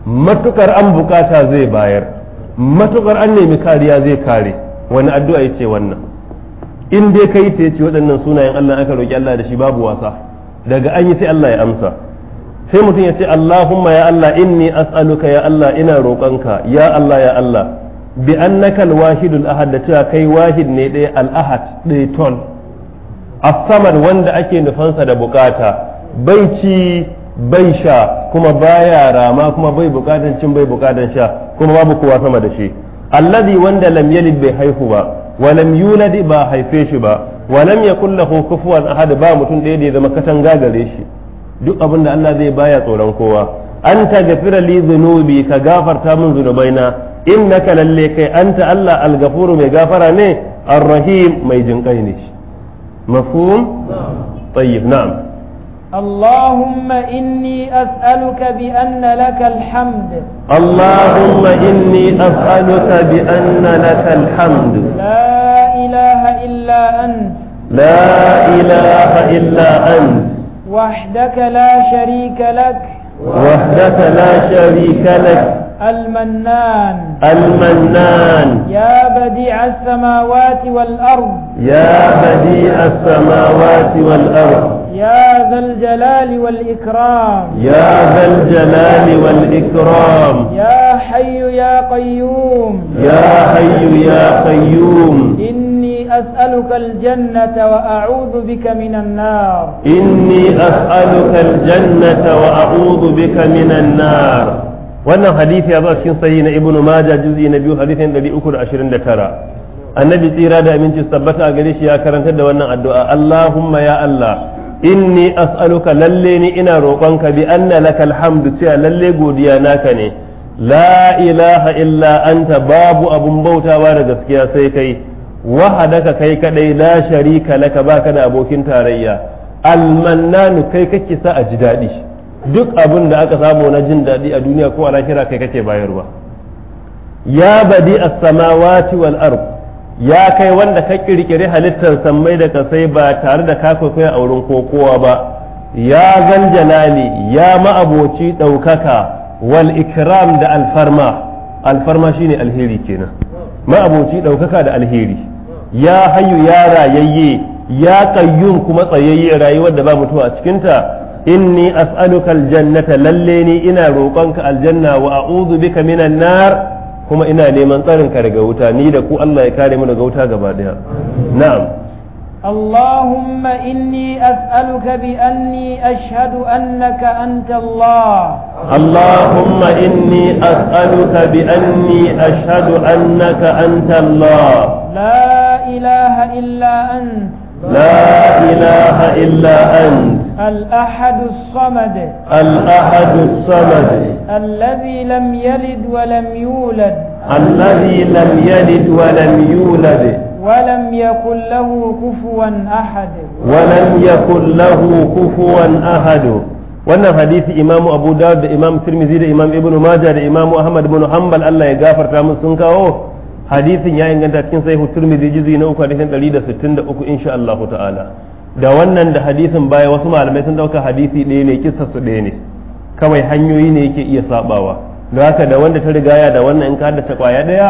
matukar an bukata zai bayar matuƙar an nemi kariya zai kare wani addu'a ya ce wannan in dai kai ta ce waɗannan sunayen Allah aka roƙi Allah da shi babu wasa daga an yi sai Allah ya amsa sai mutum ya ce Allahumma ya Allah inni as'aluka ya Allah ina roƙonka ya Allah ya Allah bi annaka al-wahidul ahad da cewa kai wahid ne ɗaya al'ahad ɗaya ton as-samad wanda ake nufansa da bukata bai ci bai sha kuma baya rama kuma bai bukatan cin bai bukatan sha kuma babu kowa sama da shi allazi wanda lam yalid bai haihu ba wa lam yulad ba haife shi ba wa lam yakul lahu kufuwan ahad ba mutum ɗaya da ya zama katanga gare shi duk abin da Allah zai baya tsoron kowa an gafira li zunubi ka gafarta min dhunubaina innaka lalle kai anta Allah al-ghafuru mai gafara ne ar-rahim mai jinkai ne mafhum tayyib na'am اللهم إني أسألك بأن لك الحمد اللهم إني أسألك بأن لك الحمد لا إله إلا أنت لا إله إلا أنت وحدك لا شريك لك وحدك لا شريك لك المنان المنان يا بديع السماوات والأرض يا بديع السماوات والأرض يا ذا الجلال والإكرام يا ذا الجلال والإكرام يا حي يا قيوم يا حي يا قيوم إني أسألك الجنة وأعوذ بك من النار إني أسألك الجنة وأعوذ بك من النار wannan hadisi ya zo cikin sahihi na ibnu maja juz'i na biyu hadisin 329 annabi tsira da aminci sabbata a gare shi ya karantar da wannan addu'a Allahumma ya Allah inni as'aluka lalle ni ina ka bi anna lakal hamdu cewa lalle godiya naka ne la ilaha illa anta babu abun bautawa da gaskiya sai kai wahadaka kai kadai la sharika laka baka da abokin tarayya almannanu kai kake sa a ji daɗi duk abin da aka samu na jin daɗi a duniya ko a lahira kai kake bayarwa ya badi as-samawati wal ardh ya kai wanda ka kirkiri halittar sammai da kasai ba tare da ka kwaikwaya a wurin kokowa ba ya zan jalali ya ma'aboci ɗaukaka wal ikram da alfarma alfarma shine alheri kenan ma'aboci ɗaukaka da alheri ya hayu ya rayayye ya kayyun kuma tsayayye rayuwar da ba mutuwa a cikinta inni as'aluka aljannata lalle ni ina roƙonka aljanna wa a'udhu bika minan nar kuma ina neman tsarin ka daga wuta ni da ku Allah ya kare mu daga wuta gaba daya na'am Allahumma inni as'aluka bi anni ashhadu annaka anta Allah Allahumma inni as'aluka bi anni ashhadu annaka anta la ilaha illa anta لا إله إلا أنت الأحد الصمد الأحد الصمد الذي لم يلد ولم يولد الذي لم يلد ولم يولد ولم يكن له كفوا أحد ولم يكن له كفوا أحد wannan hadisi imamu abu da imam tirmidhi da imam ibnu majah da imamu ahmad ibn hanbal Allah ya gafarta mu sun kawo hadisin ya inganta cikin sahihu turmizi jizi na uku hadisin uku insha Allah ta'ala da wannan da hadisin baya wasu malamai sun ɗauka hadisi ɗaya ne kisa su ɗaya ne kawai hanyoyi ne yake iya sabawa da haka da wanda ta rigaya da wannan in ka haddace kwaya ɗaya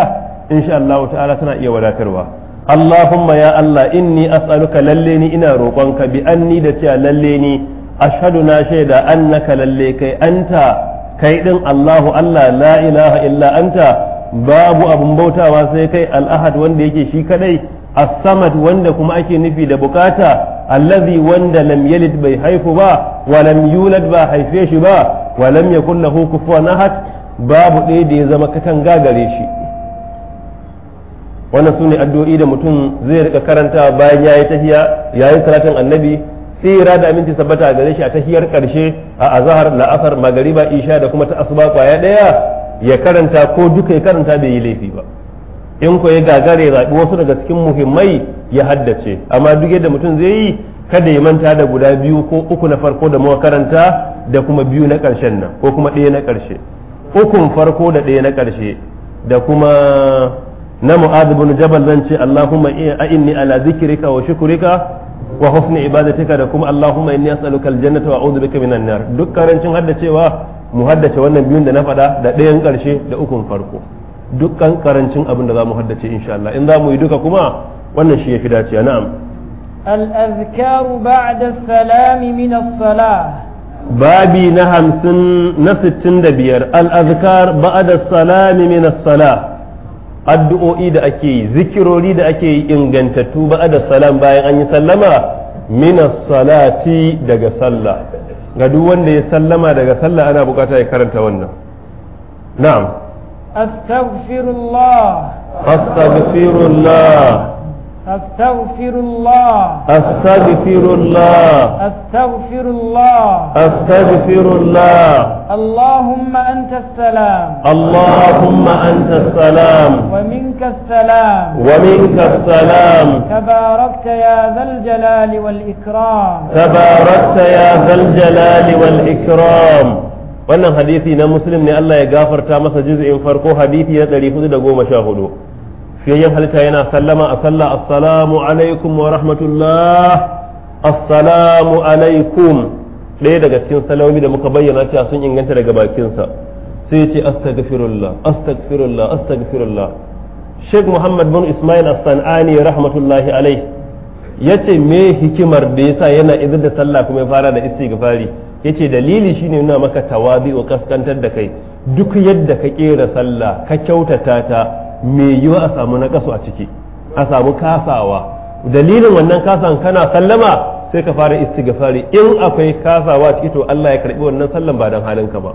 insha Allah ta'ala suna iya wadatarwa Allahumma ya Allah inni as'aluka lalle ni ina roƙonka bi anni da cewa lalle ni ashhadu na shaida annaka lalle kai anta kai ɗin Allahu Allah la ilaha illa anta babu abun bautawa sai kai al'ahad wanda yake shi kadai as-samad wanda kuma ake nufi da bukata allazi wanda lam yalid bai haifu ba wa lam yulad ba haife shi ba wa lam yakul lahu kufuwan ahad babu ɗaya da ya zama katanga gare shi wannan su ne addu'o'i da mutum zai rika karanta bayan yayi tahiya yayi salatin annabi tsira da aminci sabbata gare shi a tahiyar karshe a azhar la'asar magariba isha da kuma ta asuba kwaya daya ya karanta ko duka ya karanta bai yi laifi ba in ko ya gagare zaɓi wasu daga cikin muhimmai ya haddace amma duk yadda mutum zai yi kada ya manta da guda biyu ko uku na farko da muka karanta da kuma biyu na ƙarshen nan ko kuma ɗaya na ƙarshe ukun farko da ɗaya na ƙarshe da kuma na mu'adh ibn jabal zan ce allahumma inni ala zikrika wa shukurika wa husni ibadatika da kuma allahumma inni as'aluka al-jannata wa a'udhu bika minan nar duk karancin haddacewa mu haddace wannan biyun da na faɗa da ɗayan ƙarshe da ukun farko dukkan karancin abin da za mu haddace insha Allah in za mu yi duka kuma wannan shi ya fi na'am al-azkaru ba'da salami min as-salah babi na hamsin na sittin da biyar al'azkar ba'ada salami min sala addu'o'i da ake yi zikirori da ake yi ingantattu ba'ada salam bayan an yi sallama min salati daga sallah ga duk wanda ya sallama daga sallah ana bukata ya karanta wannan na'am astaghfirullah astaghfirullah أستغفر الله أستغفر الله أستغفر الله أستغفر الله اللهم أنت السلام اللهم أنت السلام ومنك السلام ومنك السلام تباركت يا ذا الجلال والإكرام تباركت يا ذا الجلال والإكرام wannan hadisi na muslim ne Allah ya gafarta masa juz'in farko hadisi na 414 fiyayyen halitta yana sallama a sallah assalamu alaikum wa rahmatullah assalamu alaikum ɗaya daga cikin salawami da muka bayyana cewa sun inganta daga bakinsa sai ce astaghfirullah astaghfirullah astaghfirullah Sheikh Muhammad bin Ismail As-San'ani rahmatullahi ya yace me hikimar da yasa yana idan da sallah kuma ya fara da istighfari yace dalili shine nuna maka tawabi wa kaskantar da kai duk yadda ka kera sallah ka kyautata ta mai yiwa a samu na kasu a ciki a samu kasawa dalilin wannan kasan kana sallama sai ka fara istighfari in akwai kasawa ciki to Allah ya karbi wannan sallan ba dan halin ka ba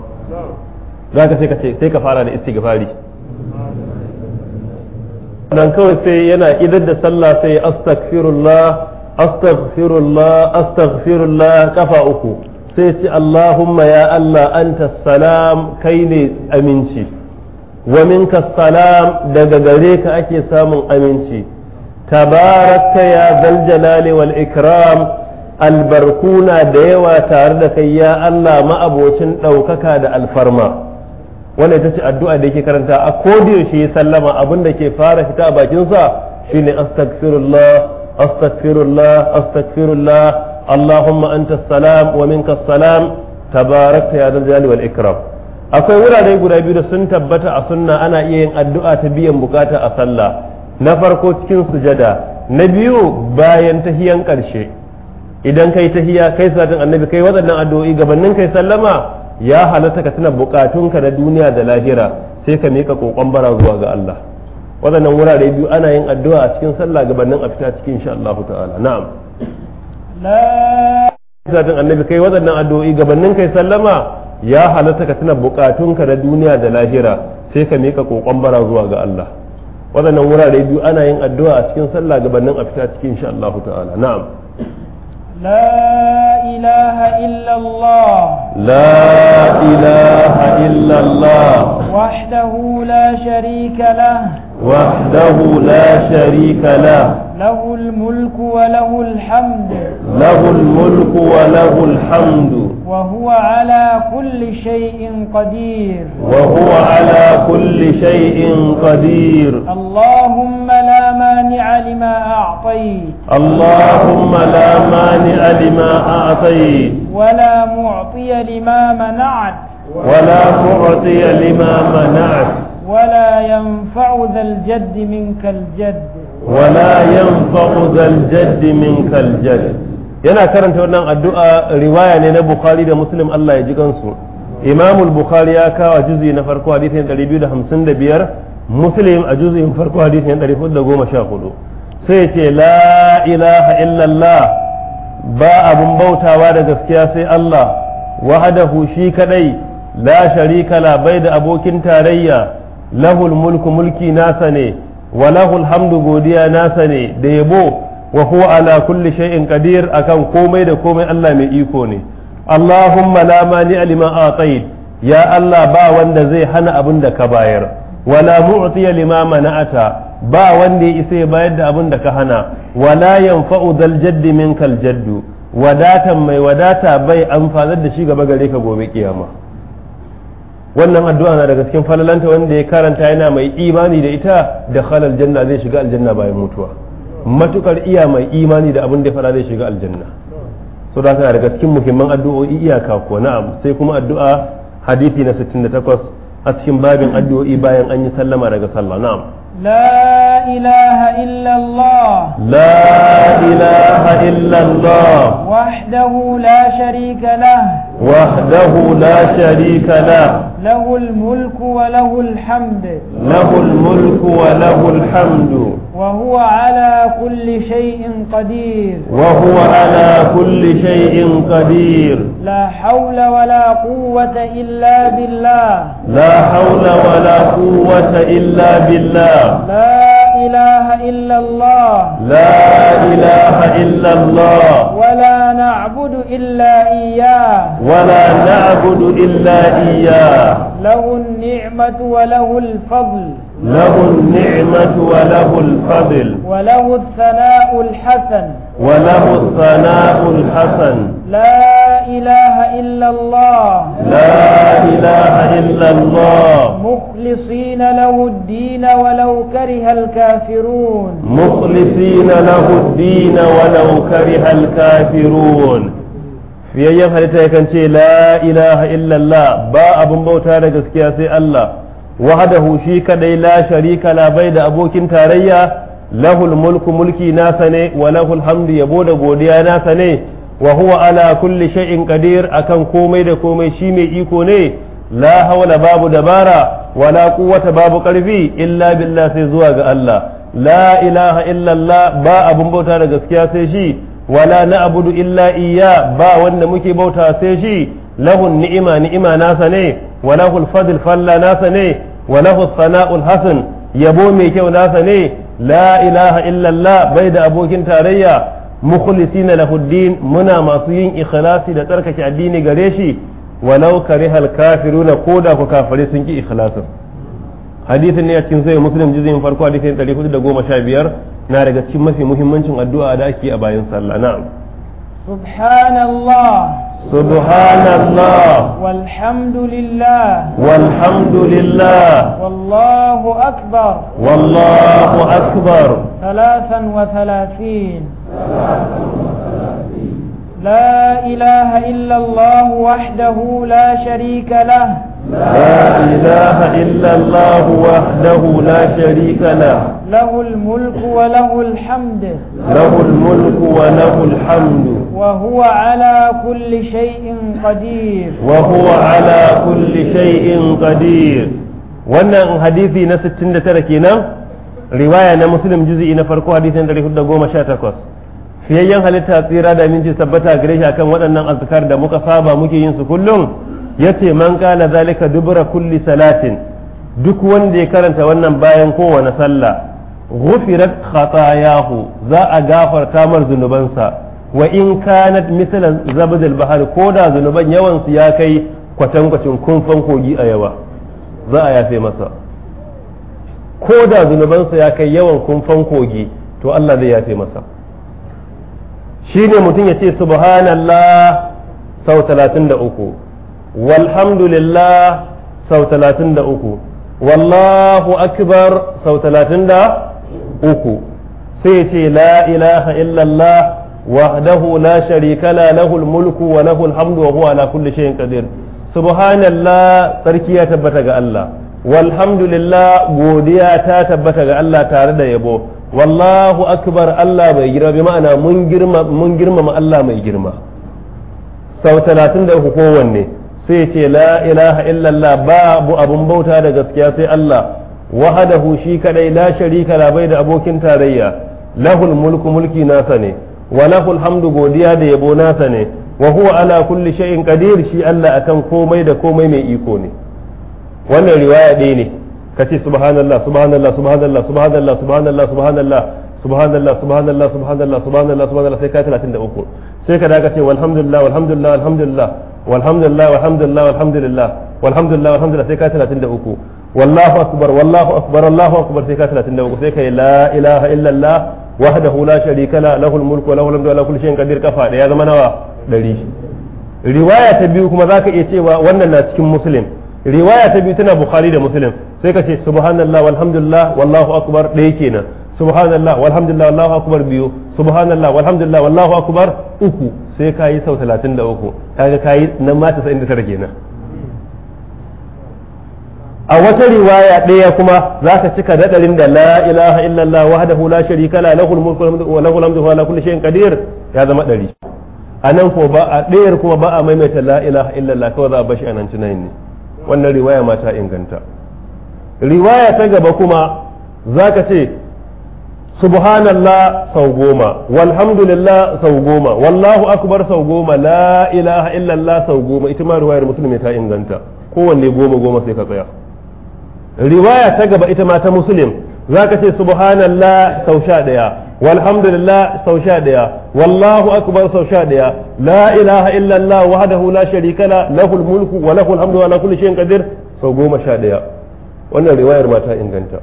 za ka sai ka sai ka fara da istighfari dan kawai sai yana idar da sallah sai astaghfirullah astaghfirullah kafa uku sai ce Allahumma ya Allah anta salam kai ne aminci wa minka salam daga gare ka ake samun aminci tabarakta ya zal jalali wal ikram albarkuna da yawa tare da kai ya Allah ma'abocin ɗaukaka da alfarma wannan ita ce addu'a da yake karanta a kodiyo shi sallama abinda da ke fara fita a bakinsa shine astaghfirullah astaghfirullah astaghfirullah allahumma anta salam wa minka salam tabarakta ya zal jalali wal ikram akwai wurare guda biyu da sun tabbata a sunna ana iya yin addu'a ta biyan bukata a sallah na farko cikin sujada na biyu bayan tahiyan karshe idan kai tahiya kai satin annabi kai waɗannan addu'o'i gabanin kai sallama ya halatta ka tuna bukatunka na duniya da lahira sai ka mika kokon bara zuwa ga Allah waɗannan wurare biyu ana yin addu'a a cikin sallah gabanin a fita cikin insha Allah ta'ala na'am la annabi kai waɗannan addu'o'i gabanin kai sallama ya halatta ka tuna bukatunka na duniya da lahira sai ka mika kokon bara zuwa ga Allah waɗannan wurare biyu ana yin addu'a a cikin sallah gabanin a fita cikin insha Allah ta'ala na'am لا إله إلا الله لا إله إلا الله وحده لا شريك له وحده لا له الملك وله الحمد له الملك وله الحمد وهو على كل شيء قدير وهو على كل شيء قدير اللهم لا مانع لما أعطيت اللهم لا مانع لما أعطيت ولا معطي لما منعت ولا معطي لما منعت ولا ينفع ذا الجد منك الجد wala yanfa'u ذا الجد minka al yana karanta wannan addu'a riwaya ne na bukhari da muslim Allah ya ji gansu imam bukhari ya kawo juzi na farko hadisin 255 muslim a na farko hadisin 414 sai ce la ilaha illallah ba abun bautawa da gaskiya sai Allah wahadahu shi kadai la sharika la bai da abokin tarayya lahul mulku mulki nasa ne walahu alhamdu godiya nasa ne da yabo wa huwa ala kulli shay'in qadir akan komai da komai Allah mai iko ne Allahumma la mani lima atait ya Allah ba wanda zai hana abin da ka bayar wala mu'tiya lima mana'ata ba wanda ya isa ya bayar da abin da ka hana wala yanfa'u dal jaddi minkal jaddu wadatan mai wadata bai amfanar da shi gaba gare ka gobe kiyama wannan addu'a na daga cikin falalanta wanda ya karanta yana mai imani da ita da halal janna zai shiga aljanna bayan mutuwa matukar iya mai imani da abin da fara zai shiga aljanna so da kana daga cikin muhimman addu'o'i iyaka ko na'am sai kuma addu'a hadisi na 68 a cikin babin addu'o'i bayan an yi sallama daga sallah na'am لا إله إلا الله لا إله إلا الله وحده لا شريك له وحده لا شريك له له الملك وله الحمد له الملك وله الحمد وهو على كل شيء قدير وهو على كل شيء قدير لا حول ولا قوة إلا بالله لا حول ولا قوة إلا بالله لا إله إلا الله لا إله إلا الله ولا نعبد إلا إياه ولا نعبد إلا إياه له النعمة وله الفضل له النعمة وله الفضل وله الثناء الحسن وله الثناء الحسن لا إله إلا الله لا إله إلا الله مخلصين له halitta yakan ce la illallah ba abin bauta da gaskiya sai Allah wahadahu shi kaɗai la sharika la bai da abokin tarayya lahul mulku mulki nasa ne wa lahul yabo da godiya nasa ne wa huwa ala kulli shay'in qadir akan komai da komai shi mai iko ne la hawla babu dabara wala quwwata babu karfi illa billah sai zuwa ga Allah la ilaha illallah ba abun bauta da gaskiya sai shi wala na'budu illa iyya ba wanda muke bauta sai shi lahu ni'ima ni'ima nasa ne wa lahu al-fadl falla nasa ne wa lahu al hasan yabo mai kyau nasa ne la ilaha illallah bai da abokin tarayya mukhlisina lahu din muna masu yin ikhlasi da tsarkake addini gare shi walau karihal ko da ku kafare sun ki ikhlasin hadisin ne a cikin sai muslim juzin farko hadisin 415 na daga cikin mafi muhimmancin addu'a da ake a bayan sallah na'am subhanallah سبحان الله والحمد لله والحمد لله والله أكبر والله أكبر ثلاثا وثلاثين لا إله إلا الله وحده لا شريك له لا إله إلا الله وحده لا شريك له له الملك وله الحمد له الملك وله الحمد وهو على كل شيء قدير وهو على كل شيء قدير wannan hadisi na 69 kenan riwaya na muslim juz'i na farko hadisin 418 fiyayyen halitta tsira da minci tabbata gare shi akan waɗannan azkar da muka saba muke yin su kullum yace man kana zalika dubra kulli salatin duk wanda ya karanta wannan bayan kowane sallah ghufirat khatayahu za a gafarta mar zunubansa wa in kanat mithla zabdil bahr ko da zunuban yawan su ya kai kwatankwacin kunfan kogi a yawa za a yafe masa ko da zunubansa ya kai yawan kunfan kogi to Allah zai yafe masa Shi ne mutum ya ce subhanallah sau talatin da uku walhamdulillah sau talatin da uku wallahu akbar sau talatin da uku sai ya ce la ilaha illallah wahdahu la sharika la lahul mulku wa lahul hamdu wa huwa ala kulli shay'in qadir subhanallah sarki ya tabbata ga Allah walhamdulillah godiya ta tabbata ga Allah tare da yabo wallahu akbar Allah bai girma bi ma'ana mun girma mun girmama Allah mai girma sau 33 kowanne sai ce la ilaha illallah babu abun bauta da gaskiya sai Allah wahadahu shi kadai la sharika la bai da abokin tarayya lahul mulku mulki nasa ne wa lahul hamdu godiya da yabo nasa ne wa huwa ala kulli shay'in qadir shi Allah akan komai da komai mai iko ne wannan riwaya ɗaya ne kace subhanallah subhanallah subhanallah subhanallah subhanallah subhanallah subhanallah subhanallah subhanallah subhanallah subhanallah sai ka 33 sai ka daga ce walhamdulillah walhamdulillah walhamdulillah walhamdulillah walhamdulillah walhamdulillah walhamdulillah walhamdulillah sai ka 33 wallahu akbar wallahu akbar wallahu akbar sai ka 33 sai ka la ilaha illallah wahdahu la sharika la lahul mulku wa lahul hamdu wa kulli shay'in qadir kafa da ya zama nawa 100 riwaya ta biyu kuma zaka iya cewa wannan na cikin muslim riwaya ta biyu tana bukhari da muslim sai ka ce subhanallah walhamdulillah wallahu akbar ɗaya kenan subhanallah walhamdulillah wallahu akbar biyu subhanallah walhamdulillah wallahu akbar uku sai ka yi sau talatin 33 kaga ka yi nan ma 99 kenan a wata riwaya ɗaya kuma za ka cika daɗarin da la ilaha illallah wahdahu la sharika la lahul mulku wa lahul hamdu wa la kulli shay'in qadir ya zama ɗari a nan ko ba a ɗayar kuma ba a maimaita la ilaha illallah kawai za a bashi a nan tunayin ne wannan riwaya ma ta inganta riwaya ta gaba kuma zaka ce subhanallah sau goma walhamdulillah sau goma wallahu akbar sau goma la ilaha illallah sau goma ita ma riwayar musulmi ta inganta kowanne goma goma sai ka tsaya riwaya ta gaba ita ma ta muslim ka ce subhanallah sau sha ɗaya walhamdulillah sau sha ɗaya wallahu akbar sau sha ɗaya la ilaha illallah wahdahu la sharika la lahul mulku wa lahul hamdu wa la kulli shay'in qadir sau goma sha ɗaya wannan riwayar ma ta inganta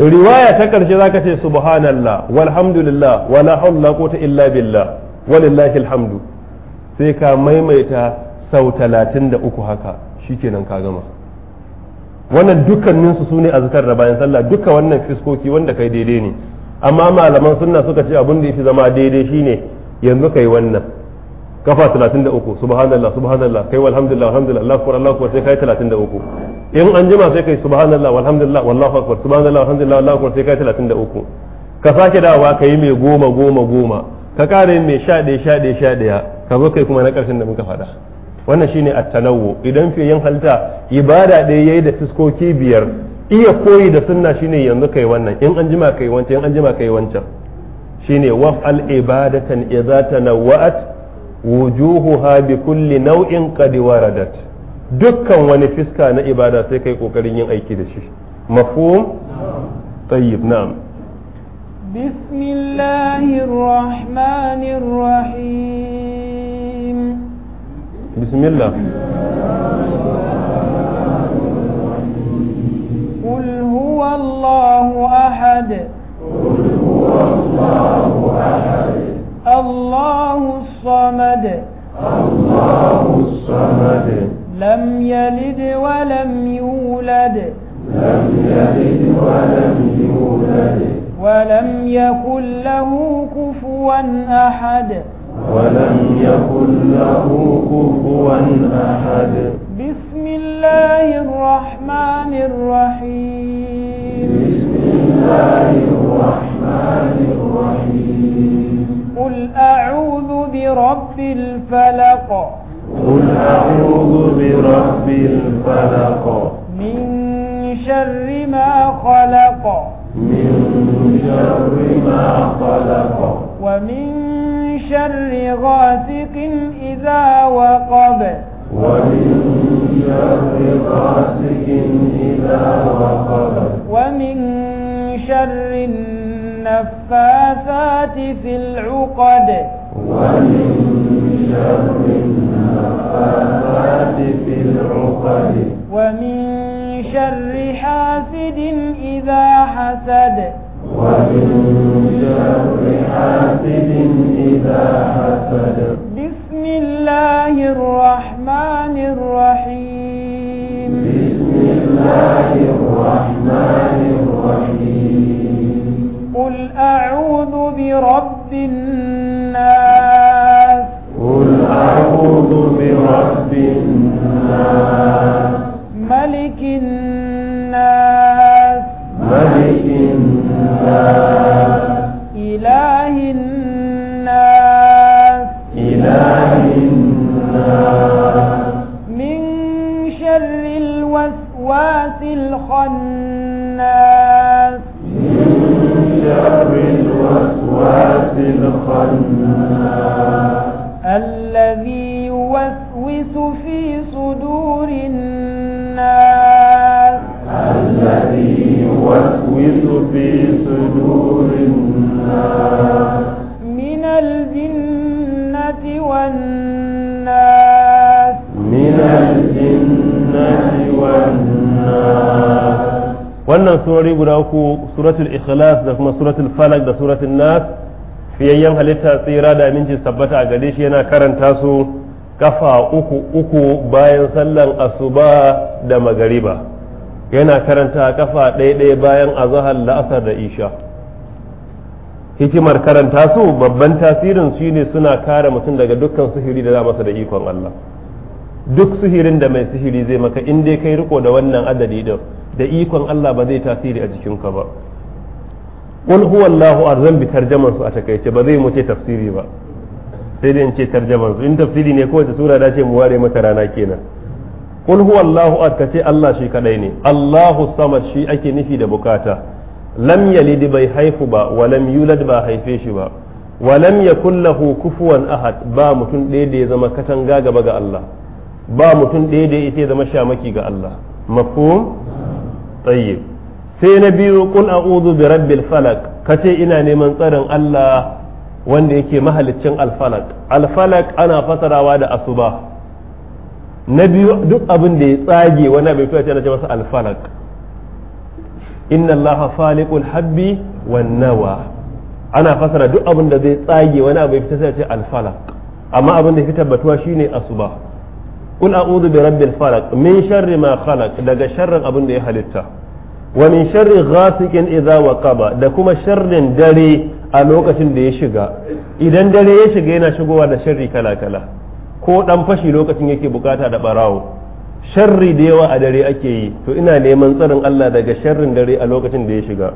riwaya ta karshe zaka ce subhanallah walhamdulillah wa la hawla la quwwata illa billah walillahi alhamdu sai ka maimaita sau talatin da uku haka shikenan ka gama wannan dukkanin su sune azkar da bayan sallah duka wannan fiskoki wanda kai daidai ne amma malaman sunna suka ce abin da yake zama daidai shine yanzu kai wannan kafa 33 subhanallah subhanallah kai walhamdulillah alhamdulillah Allahu akbar Allahu akbar sai kai 33 in an jima sai kai subhanallah walhamdulillah wallahu akbar subhanallah walhamdulillah Allahu akbar sai kai 33 ka sake dawowa kai mai goma goma goma ka kare mai sha ɗaya sha sha ka zo kai kuma na karshen da muka faɗa wannan shine at-tanawwu idan yin halitta ibada ɗaya yayi da fiskoki biyar iya koyi da sunna shine yanzu kai wannan in an jima kai wancan in an jima kai wancan shine waf al ibadatan idza tanawwa'at wujuhuha bi kulli naw'in qad waradat dukkan wani fiska na ibada sai kai kokarin yin aiki da shi mafhum tayyib na'am بسم الله الرحمن بسم الله قل هو الله أحد قل هو الله أحد الله الصمد الله الصمد لم يلد ولم يولد لم يلد ولم يولد ولم يكن له كفوا أحد ولم يكن له كفوا أحد بسم الله الرحمن الرحيم بسم الله الرحمن الرحيم قل أعوذ برب الفلق قل أعوذ برب الفلق من شر ما خلق من شر ما خلق ومن شر غاسق إذا وقب ومن شر غاسق إذا وقب ومن شر النفاثات في العقد ومن شر النفاثات في العقد ومن شر حاسد إذا حسد ومن شر حاسد إذا حسد بسم الله الرحمن الرحيم بسم الله الرحمن الرحيم قل أعوذ برب الناس قل أعوذ برب الناس ملك الناس خلق الناس من الخناس الذي يوسوس في صدور الناس الذي يوسوس في صدور الناس wannan surori guda uku suratul ikhlas da kuma suratul falak da suratul nas fiyayyen halitta tsira da aminci sabbata a gare shi yana karanta su kafa uku uku bayan sallan asuba da magariba yana karanta kafa ɗaya ɗaya bayan azahar la'asar da isha hikimar karanta su babban tasirin su ne suna kare mutum daga dukkan sihiri da za masa da ikon Allah duk sihirin da mai sihiri zai maka in dai kai riko da wannan adadi din da ikon Allah ba zai tasiri a jikinka ba qul Allahu arzan bi tarjaman su a takaice ba zai muke tafsiri ba sai dai in ce tarjaman su in tafsiri ne kowace sura da ce mu ware mata rana kenan qul huwallahu allahu kace Allah shi kadai ne Allahu samad shi ake nufi da bukata lam yalid bai haifu ba wa lam yulad ba haife shi ba wa lam yakul lahu kufuwan ahad ba mutum ɗaya da ya zama katanga gaba ga Allah ba mutum ɗaya da ya zama shamaki ga Allah mafhum tayyib sai na biyu kul a'udhu bi rabbil falak kace ina neman tsarin Allah wanda yake mahaliccin alfalak alfalak ana fasarawa da asuba na biyu duk abin da ya tsage wani abin fiye ana ce masa alfalak inna Allah faliqul habbi wan nawa ana fasara duk abin da zai tsage wani abin fiye ce alfalak amma abin da ya fi tabbatuwa shine asuba kul a'udhu bi rabbil falaq min sharri ma khalaq daga sharrin abin da ya halitta wa min sharri ghasiqin idza waqaba da kuma sharrin dare a lokacin da ya shiga idan dare ya shiga yana shigowa da sharri kala kala ko dan fashi lokacin yake bukata da barawo sharri da yawa a dare ake yi to ina neman tsarin Allah daga sharrin dare a lokacin da ya shiga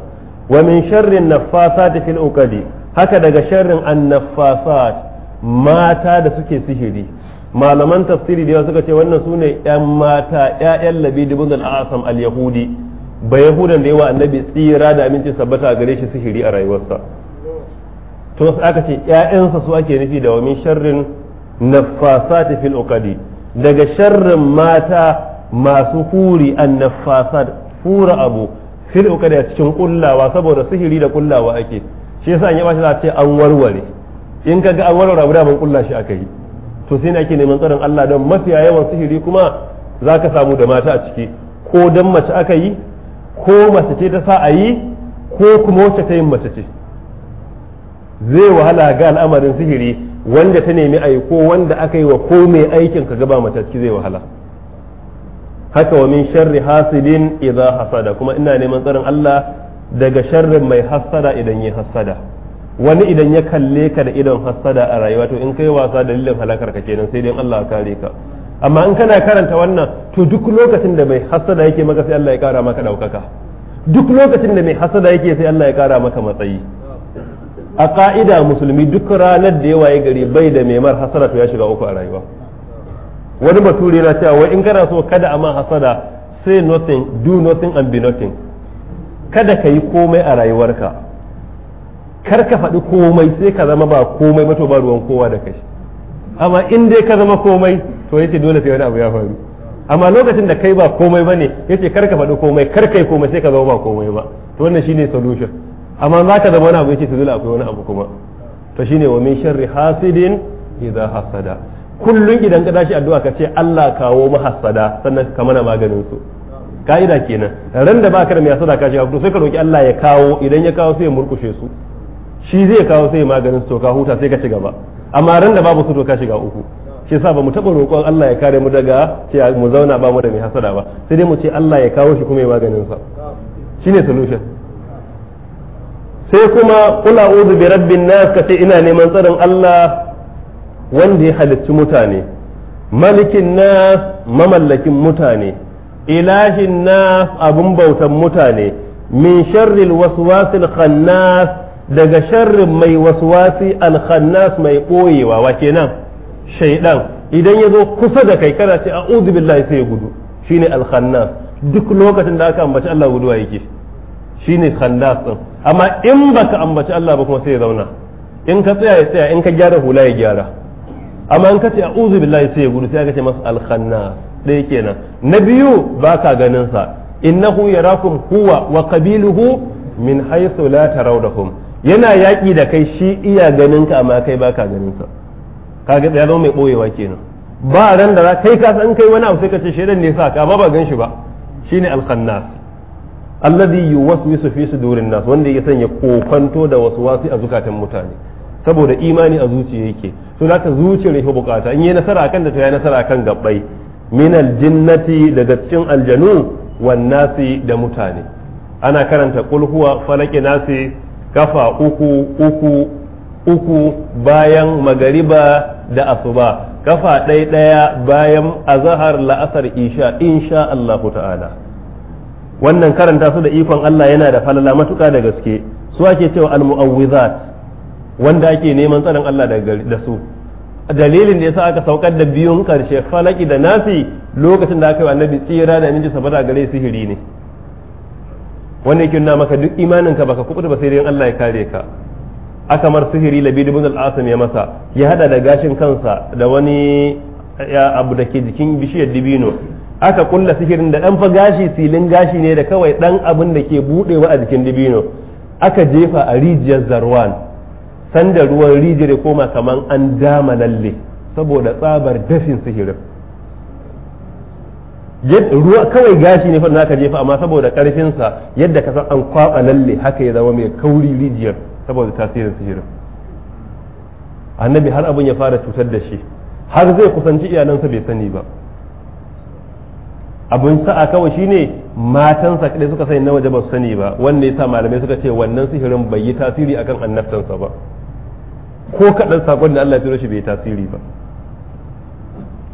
wa min sharrin naffasati fil uqadi haka daga sharrin annaffasat mata da suke sihiri malaman tafsiri da yawa suka ce wannan su ne yan mata 'ya'yan labid ibn al'asam asam al-yahudi ba yahudan da yawa annabi tsira da aminci sabbata gare shi sihiri a rayuwarsa to aka ce 'ya'yansa su ake nufi da wa sharrin naffasati fil uqadi daga sharrin mata masu huri an naffasat fura abu fil uqadi a cikin kullawa saboda sihiri da kullawa ake shi yasa an yi shi za a ce an warware in ga an warware abu da ban kulla shi aka yi to sai ne ake neman tsarin Allah don mafiya yawan sihiri kuma za ka samu da mata a ciki ko don mace aka yi ko mace ce ta sa a yi ko kuma wacce ta yin mace ce zai wahala ga al'amarin sihiri wanda ta nemi a yi ko wanda aka yi wa ko mai aikin ka gaba mace ciki zai wahala haka wa min sharri hasidin idza hasada kuma ina neman tsarin Allah daga sharrin mai hasada idan yi hasada wani idan ya kalle ka da idon hasada a rayuwa to in kai wasa dalilin halakar ka kenan sai dai Allah ya kare ka amma in kana karanta wannan to duk lokacin da mai hassada yake maka sai Allah ya kara maka daukaka duk lokacin da mai hassada yake sai Allah ya kara maka matsayi a ka'ida musulmi duk ranar da ya waye gari bai da mai mar hasada to ya shiga uku a rayuwa wani bature na cewa wai in kana so kada a hasada say nothing do nothing and be nothing kada ka yi komai a rayuwarka kar ka faɗi komai sai ka zama ba komai ba to ba ruwan kowa da kai amma in dai ka zama komai to yace dole sai wani abu ya faru amma lokacin da kai ba komai bane yace kar ka faɗi komai kar kai komai sai ka zama ba komai ba to wannan shine solution amma za ka zama wani abu yace to dole akwai wani abu kuma to shine wa min sharri hasidin idza hasada kullun idan ka dashi addu'a ka ce Allah kawo mu hasada sannan ka mana maganin su ka'ida kenan ran da baka da mai hasada ka shiga sai ka roki Allah ya kawo idan ya kawo sai ya murkushe su shi zai kawo sai maganin su toka huta sai ka ci gaba amma ran da babu su toka shiga uku shi yasa ba mu taɓa roƙon Allah ya kare mu daga cewa mu zauna ba mu da mai hasada ba sai dai mu ce Allah ya kawo shi kuma ya maganin sa shine solution sai kuma kula uzu bi rabbin nas ka ce ina neman tsarin Allah wanda ya halicci mutane malikin nas mamallakin mutane ilahin nas abun bautan mutane min sharril waswasil khannas daga sharrin mai waswasi alkhannas mai koyewa wa kenan shaidan idan ya zo kusa da kai kana ce a'udhu billahi sai ya gudu shine alkhannas duk lokacin da aka ambaci Allah guduwa yake shine khannas amma in baka ambaci Allah ba kuma sai ya zauna in ka tsaya ya tsaya in ka gyara hula ya gyara amma in ka ce a'udhu billahi sai ya gudu sai ka ce masa alkhannas dai kenan na biyu ka ganin sa innahu yarakum huwa wa qabiluhu min haythu la tarawdahum yana yaƙi da kai shi iya ganin ka amma kai baka ganin ka kaga ya zama mai boyewa kenan ba ran da kai ka san kai wani abu sai ka ce shedan ne sa ka amma ba gan shi ba shine al-khannas alladhi yuwaswisu fi sudurin nas wanda ya sanya kokanto da waswasi a zukatan mutane saboda imani a zuciya yake to zaka zuciyar yake bukata in yi nasara kan da to ya nasara akan gabbai min aljinnati daga cikin aljanu wan nasi da mutane ana karanta qul huwa falaki kafa uku uku uku bayan magariba da asuba kafa ɗaya ɗaya bayan azahar la'asar isha insha Allah ta'ala wannan karanta su da ikon Allah yana da falala matuka da gaske su ake cewa al-mu'awwizat wanda ake neman tsaron Allah da su dalilin da yasa aka saukar da biyun karshe falaki da nasi lokacin da aka yi annabi tsira da ninji sabata gare sihiri ne wanda yake nuna maka duk imanin ka baka kubuta ba sai dai Allah ya kare ka aka mar sihiri labid ibn al-asim ya masa ya hada da gashin kansa da wani abu da ke jikin bishiyar dibino aka kulla sihirin da dan fa gashi silin gashi ne da kawai dan abin da ke budewa a jikin dibino aka jefa a rijiyar zarwan sanda ruwan rijiyar koma kaman an dama lalle saboda tsabar dafin sihirin ruwa kawai gashi ne fa aka jefa amma saboda karfinsa yadda ka san an kwaba lalle haka ya zama mai kauri rijiyar saboda tasirin sihirin annabi har abin ya fara cutar da shi har zai kusanci iyalansa bai sani ba abin sa'a kawai shine matansa kadai suka sani na waje ba su sani ba wanda yasa malamai suka ce wannan sihirin bai yi tasiri akan annabtansa ba ko kaɗan sakon da Allah ya turo shi bai tasiri ba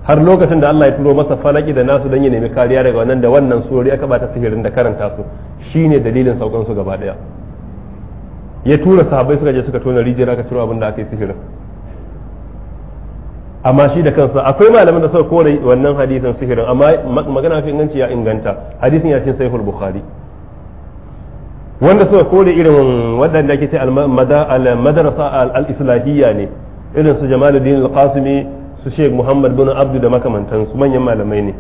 har lokacin da Allah ya turo masa falaki da nasu don ya nemi kariya daga wannan da wannan surori aka bata sihirin da karanta su shine dalilin saukan su gaba daya ya tura sahabbai suka je suka tona rijiyar aka ciro abin da aka yi sihirin amma shi da kansa akwai malamin da suka kore wannan hadisin sihirin amma magana fi inganci ya inganta hadisin ya cin sahihul bukhari wanda suka kore irin waɗanda ake ce al-madrasa al-islahiyya ne irin su Jamaluddin al-Qasimi su ce Muhammad bin Abdu da makamantansu manyan malamai ne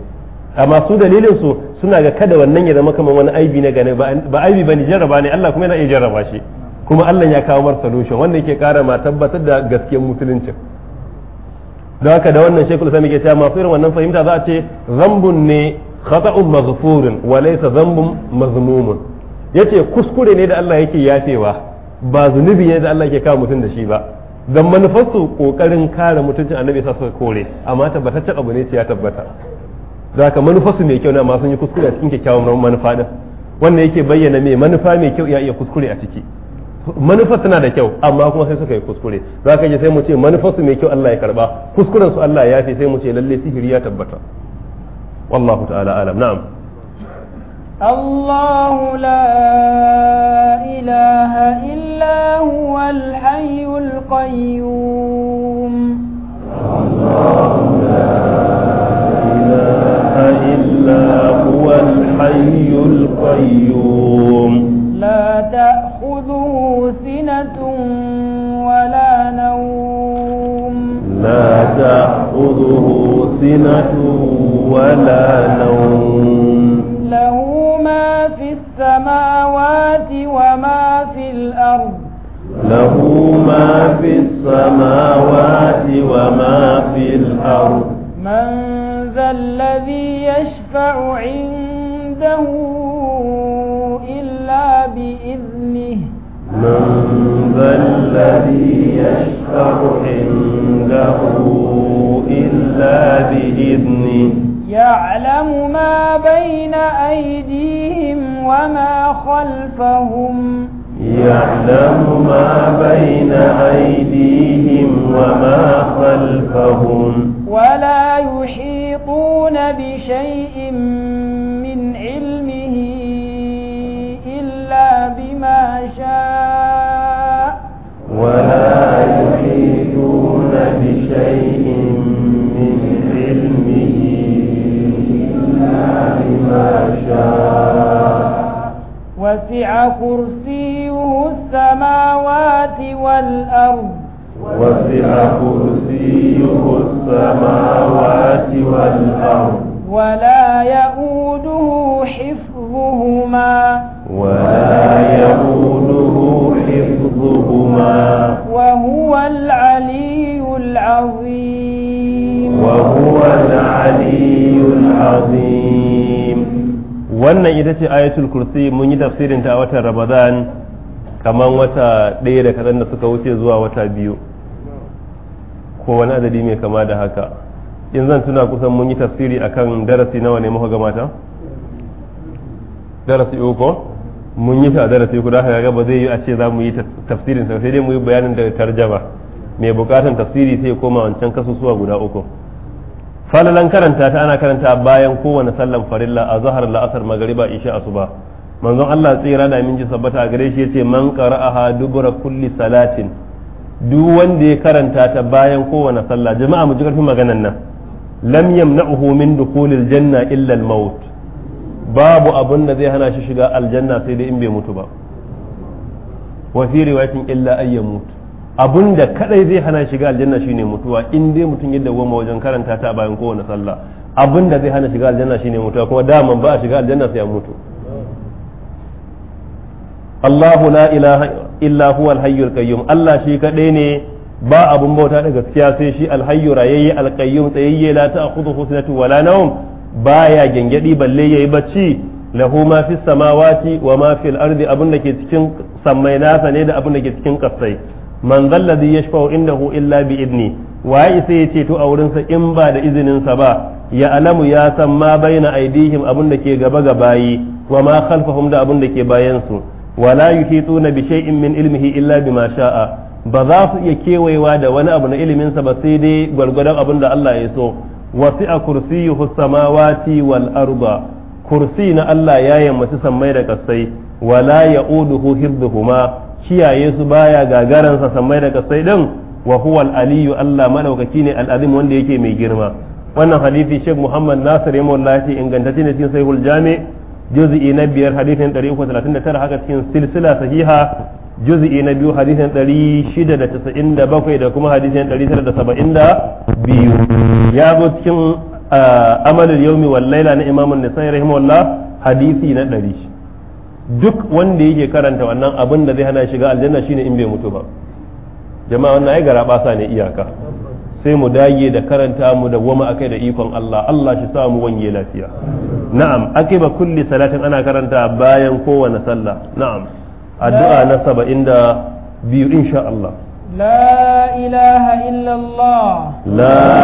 amma su dalilin su suna ga kada wannan ya zama kamar wani aibi na gane ba aibi ni jarraba ne Allah kuma yana iya jarraba shi kuma Allah ya kawo mar solution wanda yake kara ma tabbatar da gaskiyar musulunci da haka da wannan shekul sami ke cewa masu irin wannan fahimta za a ce zambun ne khata'un maghfurun wa laysa zambun mazmumun yace kuskure ne da Allah yake yafewa ba zunubi ne da Allah yake kawo mutum da shi ba don manufarsu kokarin kare mutuncin annabi sa suka kore amma tabbataccen abu ne ce ya tabbata za ka manufarsu mai kyau na masu yi kuskure a cikin kyakkyawan manufa din wannan yake bayyana mai manufa mai kyau ya iya kuskure a ciki manufar tana da kyau amma kuma sai suka yi kuskure za ka je sai mu ce manufarsu mai kyau Allah ya karba kuskuren su Allah ya fi sai mu ce lalle sihiri ya tabbata wallahu ta'ala alam na'am الله لا إله إلا هو الحي القيوم الله لا إله إلا هو الحي القيوم لا تأخذه سنة ولا نوم لا تأخذه سنة ولا نوم السماوات وما في الأرض له ما في السماوات وما في الأرض من ذا الذي يشفع عنده إلا بإذنه من ذا الذي يشفع عنده إلا بإذنه يعلم ما بين أيديهم وما خلفهم يعلم ما بين أيديهم وما خلفهم ولا يحيطون بشيء كرسيه السماوات والأرض وسع كرسيه السماوات والأرض ولا يؤوده حفظهما ولا يؤوده حفظهما وهو العلي العظيم وهو العلي العظيم wannan ita ce ayatul kursi mun yi tafsirin ta a watan ramadan kamar wata ɗaya da kaɗan da suka wuce zuwa wata biyu ko wani adadi mai kama da haka in zan tuna kusan mun yi tafsiri a kan darasi nawa ne muka gamata darasi uku mun yi ta darasi uku da haka ba zai yi a ce za mu yi tafsirin sai dai mu yi bayanin da tarjama mai bukatan tafsiri sai koma wancan kasusuwa guda uku falalan karanta ta ana karanta bayan kowane sallan farilla a zahar la'asar magariba isha ba manzon Allah tsira da min ji sabbata a gare shi yace man qara'aha dubura kulli salatin duk wanda ya karanta ta bayan kowane sallah jama'a mu ji karfin maganan nan lam yamna'uhu min dukhulil janna illa al-maut babu abun da zai hana shi shiga aljanna sai dai in bai mutu ba wa fi riwayatin illa ayyamut abun da kadai zai hana shiga aljanna shine mutuwa in dai mutum yadda goma wajen karanta ta bayan kowane sallah abun da zai hana shiga aljanna shine mutuwa kuma daman ba a shiga aljanna sai ya mutu Allahu la ilaha illa huwa al-hayyul qayyum Allah shi kadai ne ba abun bauta da gaskiya sai shi al-hayyu rayyi al-qayyum tayyi la ta'khudhuhu sinatu wala nawm baya gengedi balle yayi bacci lahu ma fis samawati wa ma fil ardi abun da ke cikin sammai nasa ne da abun da ke cikin kasai man zalladhi yashfa'u indahu illa bi idni waye sai ya ceto a wurinsa in ba da izininsa ba ya alamu ya san ma baina aidihim abun da ke gaba ga bayi wa ma khalfahum da abun da ke bayan su wala yuhituna bi shay'in min ilmihi illa bima sha'a ba za su iya kewayewa da wani abu na iliminsa ba sai dai gwargwadon abin da Allah ya so wasi a kursiyuhu samawati wal arda kursi na Allah ya yammaci sammai da kasai wala ya'uduhu hibduhuma kiyaye su baya gagaran sa sammai daga sai din wa huwa al-aliyyu Allah madaukaki ne al-azim wanda yake mai girma wannan hadisi Sheikh Muhammad Nasir Yamullahi ingantacce ne cikin Sahihul Jami juz'i na biyar hadisin 339 haka cikin silsila sahiha juz'i na biyu hadisin 697 da kuma hadisin 972 ya go cikin ah, amalul yawmi wal laila na Imam An-Nasa'i rahimahullah hadisi na 100 duk wanda yake karanta wannan abin da zai hana shiga aljanna shine in bai mutu ba jama'a wannan ai gara basa ne iyaka sai mu dage da karanta mu da wama akai da ikon Allah Allah shi sa mu wanye lafiya na'am ba kulli salatin ana karanta bayan kowane sallah na'am addu'a na saba inda biyu insha Allah لا إله إلا الله لا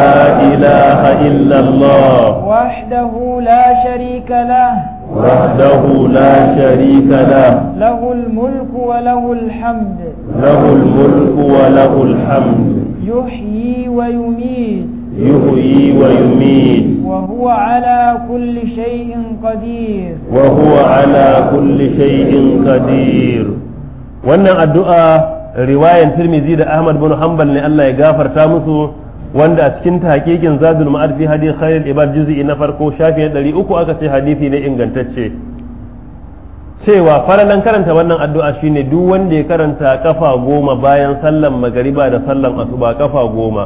إله إلا الله وحده لا شريك له وحده لا شريك له له الملك وله الحمد له الملك وله الحمد يحيي ويميت يحيي ويميت وهو على كل شيء قدير وهو على كل شيء قدير wannan addu'a riwayan Tirmidhi da Ahmad bin Hanbal ne Allah ya gafarta musu wanda a cikin tahqiqin zadul ma'ad fi hadith khairul ibad juz'i na farko shafi 300 aka ce hadisi ne ingantacce cewa faralan karanta wannan addu'a shine duk wanda ya karanta kafa goma bayan sallan magariba da sallan asuba kafa goma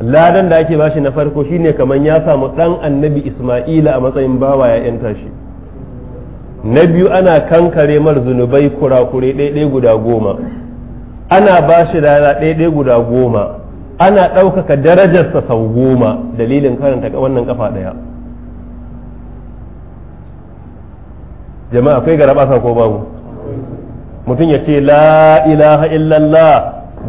ladan da ake bashi na farko shine kaman ya samu dan annabi isma'ila a matsayin bawa ya yanta shi na biyu ana kankare mar zunubai kurakure ɗaiɗai guda goma ana bashi rana ɗaiɗai guda goma ana ɗaukaka darajarsa sau goma dalilin karanta wannan kafa ɗaya jama'a akwai garaba ko babu mutum ya ce la ilaha illallah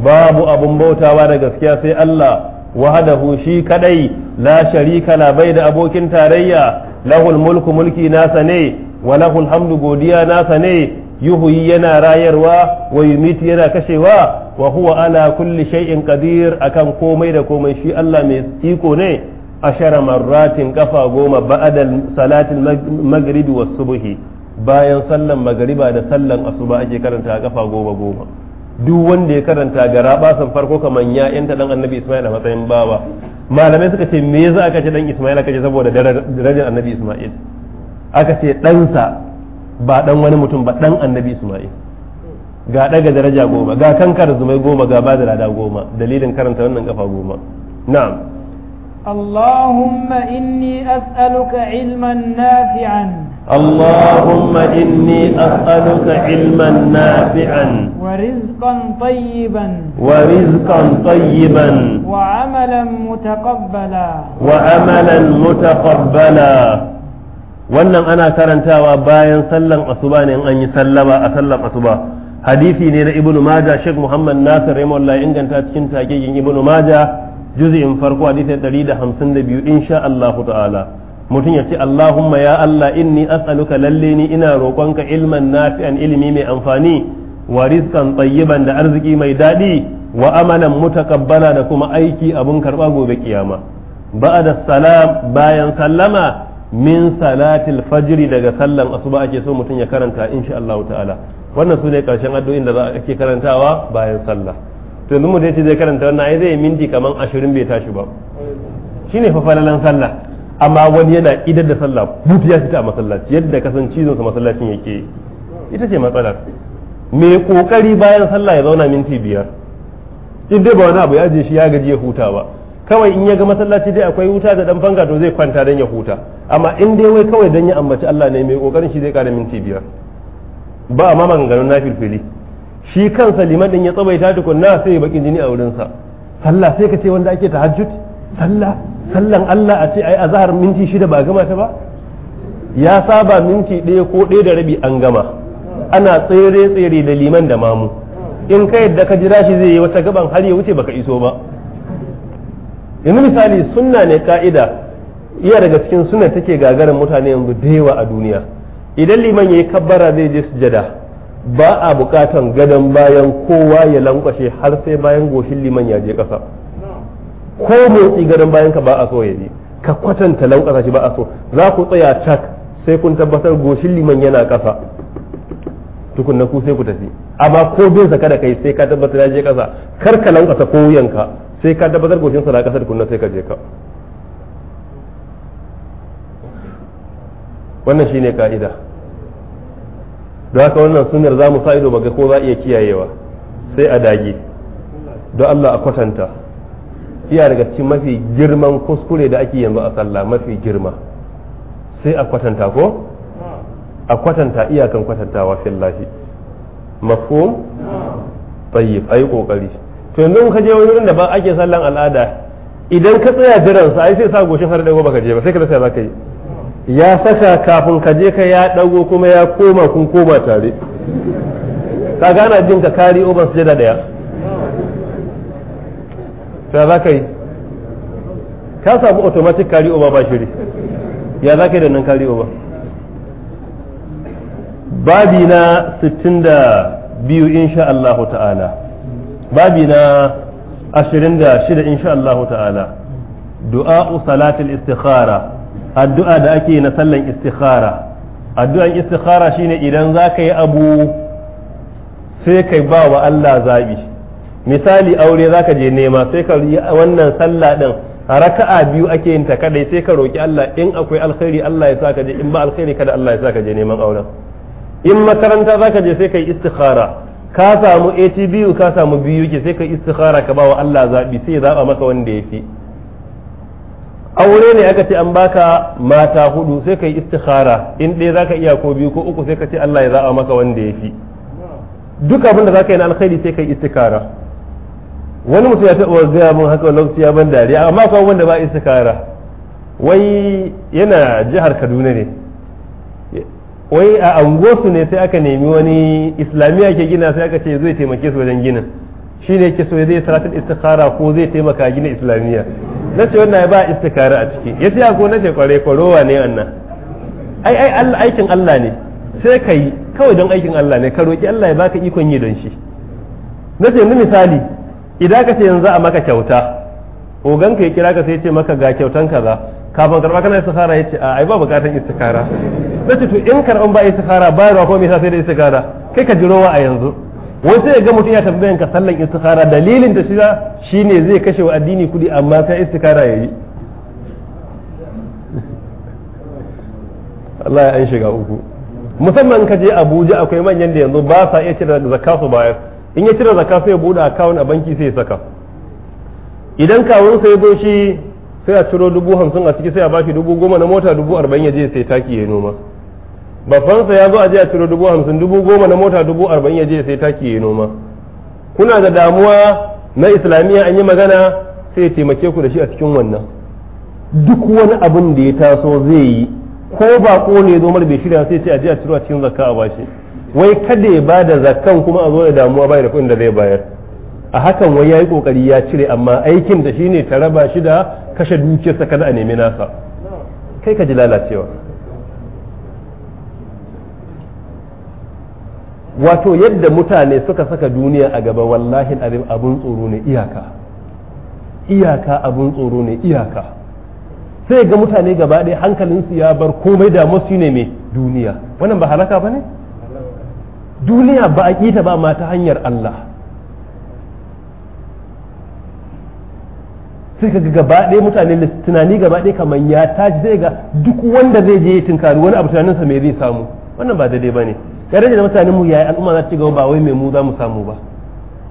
babu abun bautawa da gaskiya sai Allah wahadahu shi kadai la sharika la bai da abokin tarayya lahul mulku mulki nasa ne wa lahul hamdu godiya nasa ne yuhuyi yana rayarwa wa yumiti yana kashewa wa huwa ala kulli shay'in qadir akan komai da komai shi Allah mai iko ne ashara marratin kafa goma ba'da salatin maghribi was subhi bayan sallan magriba da sallan asuba ake karanta kafa goma goma duk wanda ya karanta gara basan farko kaman ya yanta dan annabi Isma'il a matsayin bawa malamai suka ce me yasa aka ce dan Isma'il aka ce saboda darajar annabi Isma'il aka ce ɗansa ba dan wani mutum ba dan annabi Isma'il ga daga daraja goma ga kankar zumai goma ga ba da lada goma dalilin karanta wannan kafa goma na'am اللهم inni أسألك علما nafi'an اللهم إني أسألك علما نافعا ورزقا طيبا ورزقا طيبا وعملا متقبلا وعملا متقبلا wannan ana karantawa bayan sallan asuba ne in an yi sallama a sallan asuba hadisi ne na ibnu maja sheikh muhammad nasir allah inganta cikin takegin ibnu maja juz'in farko hadisi 152 insha Allah ta'ala mutum ya ce Allahumma ya Allah inni as'aluka lalle ni ina roƙonka ilman nafi'an ilimi mai amfani wa rizqan tayyiban da arziki mai dadi wa amalan mutakabbala da kuma aiki abun karba gobe kiyama ba'da salam bayan sallama min salatil fajri daga sallan asuba ake so mutum ya karanta insha Allah ta'ala wannan sune karshen addu'in da za a ke karantawa bayan sallah to yanzu mutum ce zai karanta wannan ai zai minti kaman 20 bai tashi ba shine fa falalan sallah amma wani yana idar da sallah butu ya fita a masallaci yadda kasan cizon sa masallacin yake ita ce matsalar me kokari bayan sallah ya zauna minti biyar in dai ba wani abu ya je shi ya gaji ya huta ba kawai in ya ga masallaci dai akwai wuta da dan fanga to zai kwanta dan ya huta amma in dai wai kawai dan ya ambaci Allah ne mai kokarin shi zai kare minti biyar ba ma maganganun na filfili shi kansa liman din ya tsabaita tukunna sai ya jini a wurin sa sallah sai ka ce wanda ake tahajjud sallah sallan Allah a ce ai azhar minti shida ba gama ta ba ya saba minti ɗaya ko ɗaya da rabi an gama ana tsere tsere da liman da mamu in ka yadda ka jira shi zai yi wata gaban har ya wuce baka iso ba yanzu misali sunna ne ka'ida iya daga cikin sunna take gagarin mutane yanzu da yawa a duniya idan liman yayi kabbara zai je sujada ba a bukatan gadon bayan kowa ya lankwashe har sai bayan goshin liman ya je kasa ko motsi gadon bayan ka ba a so ya je ka kwatanta lankwasa shi ba a so za ku tsaya cak sai kun tabbatar goshin liman yana kasa tukunna ku sai ku tafi amma ko bin sa kada kai sai ka tabbatar ya je kasa kar ka lankwasa ko wuyanka sai ka dabatar gocin sa da kasar kunna sai ka je ka wannan shine ka'ida don haka wannan sunar za mu sa ido ga ko za iya kiyayewa sai a dage don Allah a kwatanta iya daga cikin mafi girman kuskure da ake yanzu a sallah mafi girma sai a kwatanta ko a kwatanta iyakan kwatantawa fillahi mafhum tayyib ayi kokari to yanzu ka je wurin da ba ake sallan al'ada idan ka tsaya jiran sa ai sai sa goshin har dago baka je ba sai ka tsaya zaka yi ya saka kafin ka je ka ya dago kuma ya koma kun koma tare ka gana jin ka kari oban sujada daya ta zaka yi ka samu automatic kari over ba shiri ya zaka yi da nan kari over babi na 62 insha Allah ta'ala babi na shida insha Allah ta'ala du'a'u salatul istikhara addu'a da ake na sallan istikhara addu'an istikhara shine idan za ka yi abu sai kai ba wa Allah zabi misali aure za ka je nema sai ka yi wannan sallah din raka'a biyu ake yin ta kadai sai ka roki Allah in akwai alkhairi Allah ya saka je in ba alkhairi kada Allah ya saka je neman auren in makaranta za ka je sai kai istikhara ka samu eti biyu ka samu biyu ke sai ka istikhara ka bawa Allah zabi sai ya zaba maka wanda yake aure ne aka ce an baka mata hudu sai ka yi istikhara in ɗaya zaka iya ko biyu ko uku sai ka ce Allah ya zaba maka wanda yake duk abin da zaka yi na alkhairi sai ka yi istikhara wani mutum ya taɓa gaya mun haka lokaci ya ban dariya amma akwai wanda ba istikhara wai yana jihar Kaduna ne wai a angosu ne sai aka nemi wani islamiyya ke gina sai aka ce zai taimake su wajen ginin shi ne ke so zai saratar istikhara ko zai taimaka gina islamiyya na ce wannan ya ba istikhara a ciki ya siya ko na ce kware kwarowa ne wannan ai ai aikin Allah ne sai ka yi kawai don aikin Allah ne ka roki Allah ya baka ikon yi don shi na ce ni misali idan ka ce yanzu a maka kyauta ogan ka ya kira ka sai ya ce maka ga kyautan kaza kafin karba kana istikhara ya ce a ai ba bukatan istikhara nace to in karɓan ba istikhara bayarwa ko me yasa sai da istikhara kai ka jiro wa a yanzu wai sai ga mutum ya tambayan ka sallan istikhara dalilin da shiga shine zai kashe wa addini kudi amma sai istikhara yayi Allah ya an shiga uku musamman ka je Abuja akwai manyan da yanzu ba sa iya cire zakka su bayar in ya cire zakka sai ya bude account a banki sai ya saka idan kawun sai ya shi sai a ciro dubu hamsin a ciki sai a shi dubu goma na mota dubu arba'in ya je sai taki ya noma babbansa ya zo a je a ciro dubu hamsin dubu goma na mota dubu arba'in ya je sai taki ya noma kuna da damuwa na islamiyya an yi magana sai ya taimake ku da shi a cikin wannan duk wani abin da ya taso zai yi ko ba ko ne zo mar bai shirya sai a je a ciro a cikin zakka a bashi wai kada ya ba da zakkan kuma a zo da damuwa bai da kuɗin da zai bayar a hakan wai ya yi kokari ya cire amma aikin da shine ta raba shi da kashe dukiyarsa kada a nemi nasa kai ka ji lalacewa wato yadda mutane suka saka duniya a gaba wallahi abun tsoro ne iyaka iyaka abun tsoro ne iyaka sai ga mutane gaba ɗaya hankalinsu ya bar komai da masu ne mai duniya wannan ba halaka ba ne duniya ba a kita ba ma ta hanyar Allah sai ka gaba ɗaya mutane tunani gaba ɗaya kamar ya tashi zai ga duk wanda zai je tunkari wani abu tunaninsa mai zai samu wannan ba daidai ba ne ya rage da mutanen mu yayi al'umma za ci gaba ba wai mai mu za mu samu ba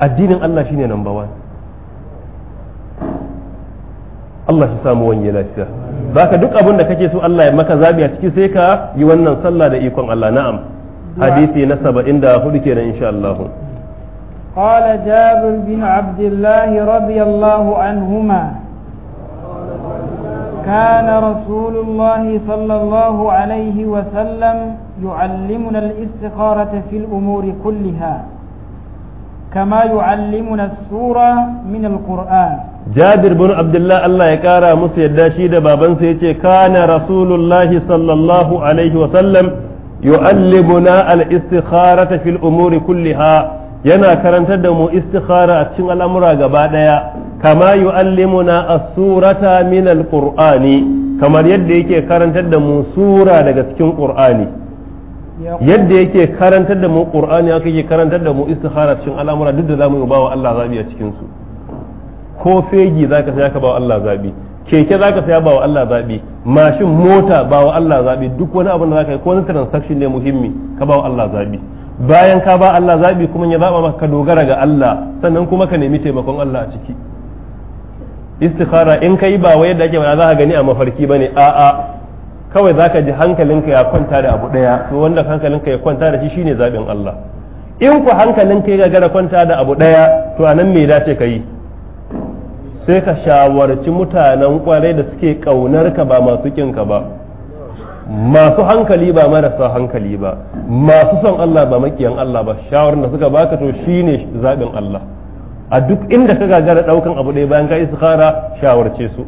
addinin Allah shine number one Allah shi samu wani lafiya ka duk abin da kake so Allah ya maka zabi a ciki sai ka yi wannan sallah da ikon Allah na'am hadisi na saba'in da hudu kenan insha Allah قال جابر بن عبد الله رضي الله وكان رسول الله صلى الله عليه وسلم يعلمنا الاستخارة في الأمور كلها كما يعلمنا السورة من القرآن جابر بن عبد الله الله يكارى مسيا داشيد بابن سيتي كان رسول الله صلى الله عليه وسلم يعلمنا الاستخارة في الأمور كلها yana karantar da mu istikhara a cikin al'amura gaba ɗaya كما yu'allimuna السورة من القرآن كما qurani kamar yadda yake karantar da mu sura daga cikin qur'ani yadda yake karantar da mu qur'ani haka yake karantar da mu istikhara cikin al'amura duk da zamu ba wa Allah zabi a cikin su ko fegi zaka ka Allah keke zaka saya ba Allah zabi mashin mota bawa Allah zabi duk wani abu da zaka yi ko wani transaction ne muhimmi ka bawa Allah zabi bayan ka ba Allah zabi kuma ya zaba maka dogara ga Allah sannan kuma ka nemi taimakon Allah a ciki istikhara in kai ba wai yadda ake ba za ka gani a mafarki bane a'a kawai za ka ji hankalinka ya kwanta da abu daya to wanda hankalinka ya kwanta da shi shine zaɓin Allah in ku hankalinka ya gagara kwanta da abu daya to a nan me dace ka yi sai ka shawarci mutanen kwarai da suke kaunar ka ba masu kinka ba masu hankali ba marasa hankali ba masu son Allah ba makiyan Allah ba shawarar da suka baka to shine zaɓin Allah a duk inda ka gagara daukan abu ɗaya bayan ka kara shawarce su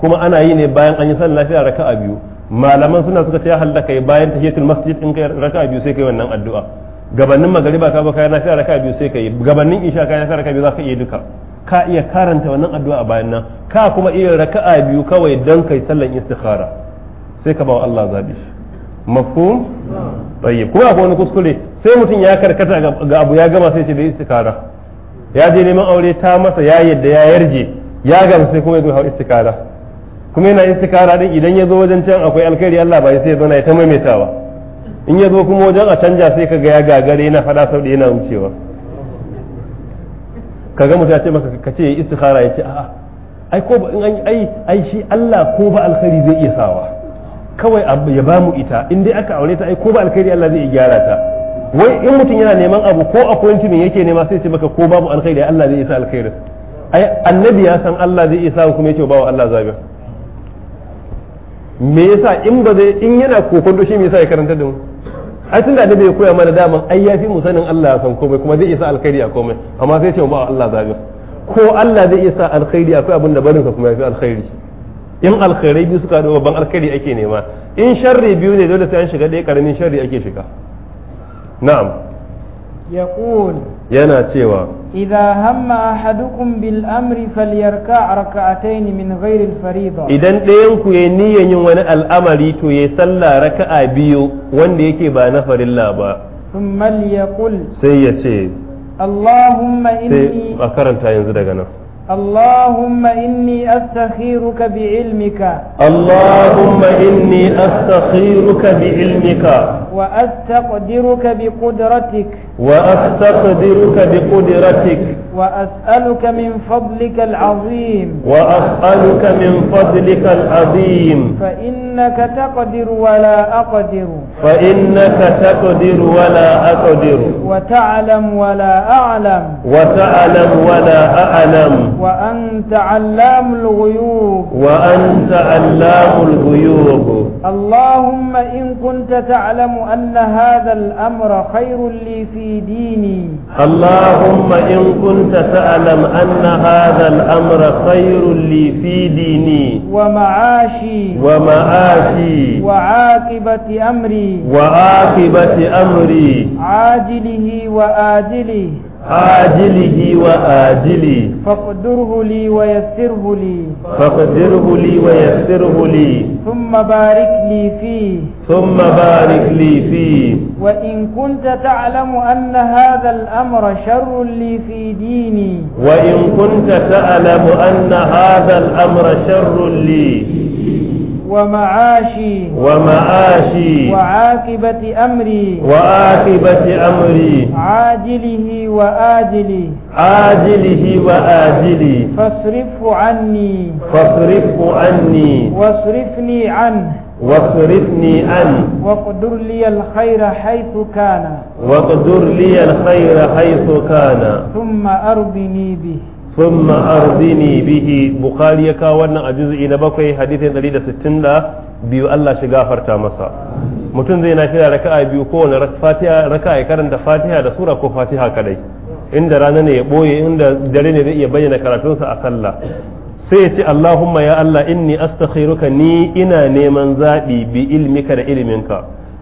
kuma ana yi ne bayan an yi sallah lafiya raka'a biyu malaman suna suka ce ya halda kai bayan shekul masjid in kai raka'a biyu sai kai wannan addu'a gabanin magariba ka ba kai lafiya raka'a biyu sai kai gabanin isha kai raka raka'a biyu za ka iya duka ka iya karanta wannan addu'a a bayan nan ka kuma iya raka'a biyu kawai dan kai sallan istikhara sai ka ba wa Allah zabi mafhum tayyib kuma akwai wani kuskure sai mutum ya karkata ga abu ya gama sai ce bai istikara ya je neman aure ta masa ya yadda ya yarje ya gama sai kuma ya zo hau istikara kuma yana istikara din idan ya zo wajen can akwai alkhairi Allah ba sai ya zo na ta maimaitawa in ya zo kuma wajen a canja sai kaga ya gagare yana fada sau da yana wucewa kaga mutum ya ce maka ka ce istikara ya ce a'a ai ko ba ai ai shi Allah ko ba alkhairi zai iya sawa kawai abu ya bamu ita in dai aka aure ta ai ko ba alkhairi Allah zai gyara ta wai in mutum yana neman abu ko appointment yake nema sai ce maka ko babu alkhairi Allah zai isa alkhairin ai annabi ya san Allah zai isa kuma yace ba wa Allah zabi me yasa in ba zai in yana kokon shi me yasa ya karanta da mu ai tunda annabi ya koya mana daman ai ya fi mu sanin Allah ya san komai kuma zai isa alkhairi a komai amma sai ce ba wa Allah zabi ko Allah zai isa alkhairi akwai abin da barinsa kuma ya fi alkhairi in alkhairai biyu suka haɗu babban alkhairi ake nema in sharri biyu ne dole sai an shiga ɗaya karamin sharri ake shiga na'am yaqul yana cewa idza hamma ahadukum bil amri falyarka raka'atayn min ghairi al fariida idan ɗayan ku ya niyya yin wani al'amari to ya salla raka'a biyu wanda yake ba na farilla ba thumma yaqul sai ya ce allahumma inni a karanta yanzu daga nan اللهم إني أستخيرك بعلمك اللهم إني أستخيرك بعلمك وأستقدرك بقدرتك وأستقدرك بقدرتك وأسألك من فضلك العظيم وأسألك من فضلك العظيم فإنك تقدر ولا أقدر فإنك تقدر ولا أقدر وتعلم ولا أعلم وتعلم ولا أعلم وأنت علام الغيوب وأنت علام الغيوب اللهم إن كنت تعلم أن هذا الأمر خير لي في ديني اللهم إن كنت كنت تعلم أن هذا الأمر خير لي في ديني ومعاشي ومعاشي وعاقبة أمري وعاقبة أمري عاجله وآجله عاجله وآجله فاقدره لي ويسره لي فاقدره لي ويسره لي ثم بارك لي فيه ثم بارك لي فيه وإن كنت تعلم أن هذا الأمر شر لي في ديني وإن كنت تعلم أن هذا الأمر شر لي ومعاشي ومعاشي وعاقبة أمري وعاقبة أمري عاجله وآجلي عاجله وآجلي فاصرفه عني فاصرفه عني واصرفني عنه واصرفني عن واقدر لي الخير حيث كان واقدر لي الخير حيث كان ثم أرضني به ثم أرضني به بخاري كاونا أجزء إلى بقي حديث دليل ستين لا بيو الله شغافر masa mutum zai nafila raka'a biyu kowane fatiha raka'a ya karanta fatiha da sura ko fatiha kadai inda rana ne ya boye inda dare ne zai iya bayyana sa a sallah sai ya ce Allahumma ya Allah inni astakhiruka ni ina neman zaɓi bi ilmika da iliminka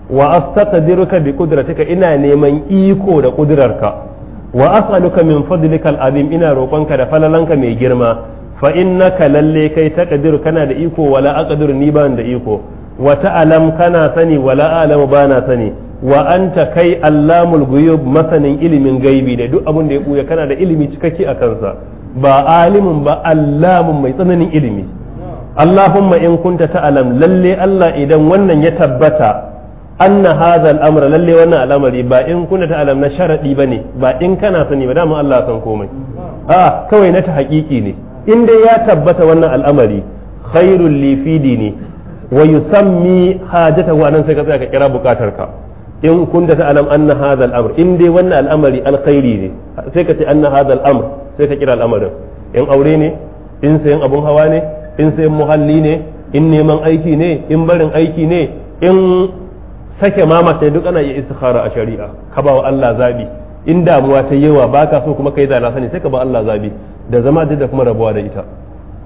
wa astaqdiruka bi qudratika ina neman iko da ƙudurarka wa as'aluka min fadlika azim ina roƙonka da falalanka mai girma fa innaka lalle kai taqdiru kana da iko wala aqdiru ni ban da iko wa ta'lam kana sani wala a'lamu bana sani wa anta kai allamul ghuyub masanin ilimin gaibi da duk abun da ya buya kana da ilimi cikakke a kansa ba alimun ba allamun mai tsananin ilimi Allahumma in kunta ta'lam lalle Allah idan wannan ya tabbata anna hadha al-amra lalle wannan al'amari ba in kuna ta alam na sharadi bane ba in kana sani ba dama Allah san komai a kawai na ta hakiki ne in dai ya tabbata wannan al'amari khairul li fi dini wa yusammi hajata wa nan sai ka tsaya ka kira bukatar ka in kunta ta alam anna hadha al-amr in dai wannan al'amari alkhairi ne sai ka ce anna hadha al-amr sai ka kira al'amarin in aure ne in sayan abun hawa ne in sayan muhalli ne in neman aiki ne in barin aiki ne in sake mama sai duk ana iya istikhara a shari'a ka ba wa Allah zabi in damuwa ta yawa baka so kuma kai zana na sani sai ka ba Allah zabi da zama da kuma rabuwa da ita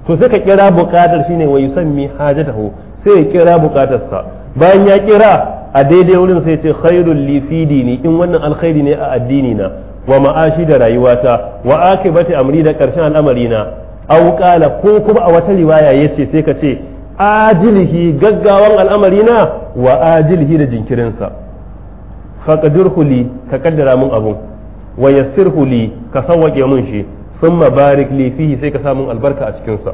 to sai ka kira bukatar shine wa yusammi hajatahu sai ya kira sa bayan ya kira a daidai wurin sai ce khairul li fi dini in wannan alkhairi ne a addini na wa ma'ashi da rayuwata wa akibati amri da karshen al'amari na aw qala ko kuma a wata riwaya yace sai ka ce ajilihi gaggawan al'amari na wa ajilihi da jinkirinsa faqadir huli ka kaddara mun abun wa yassir huli ka sawwake mun shi ma barik li sai ka samu albarka a cikin sa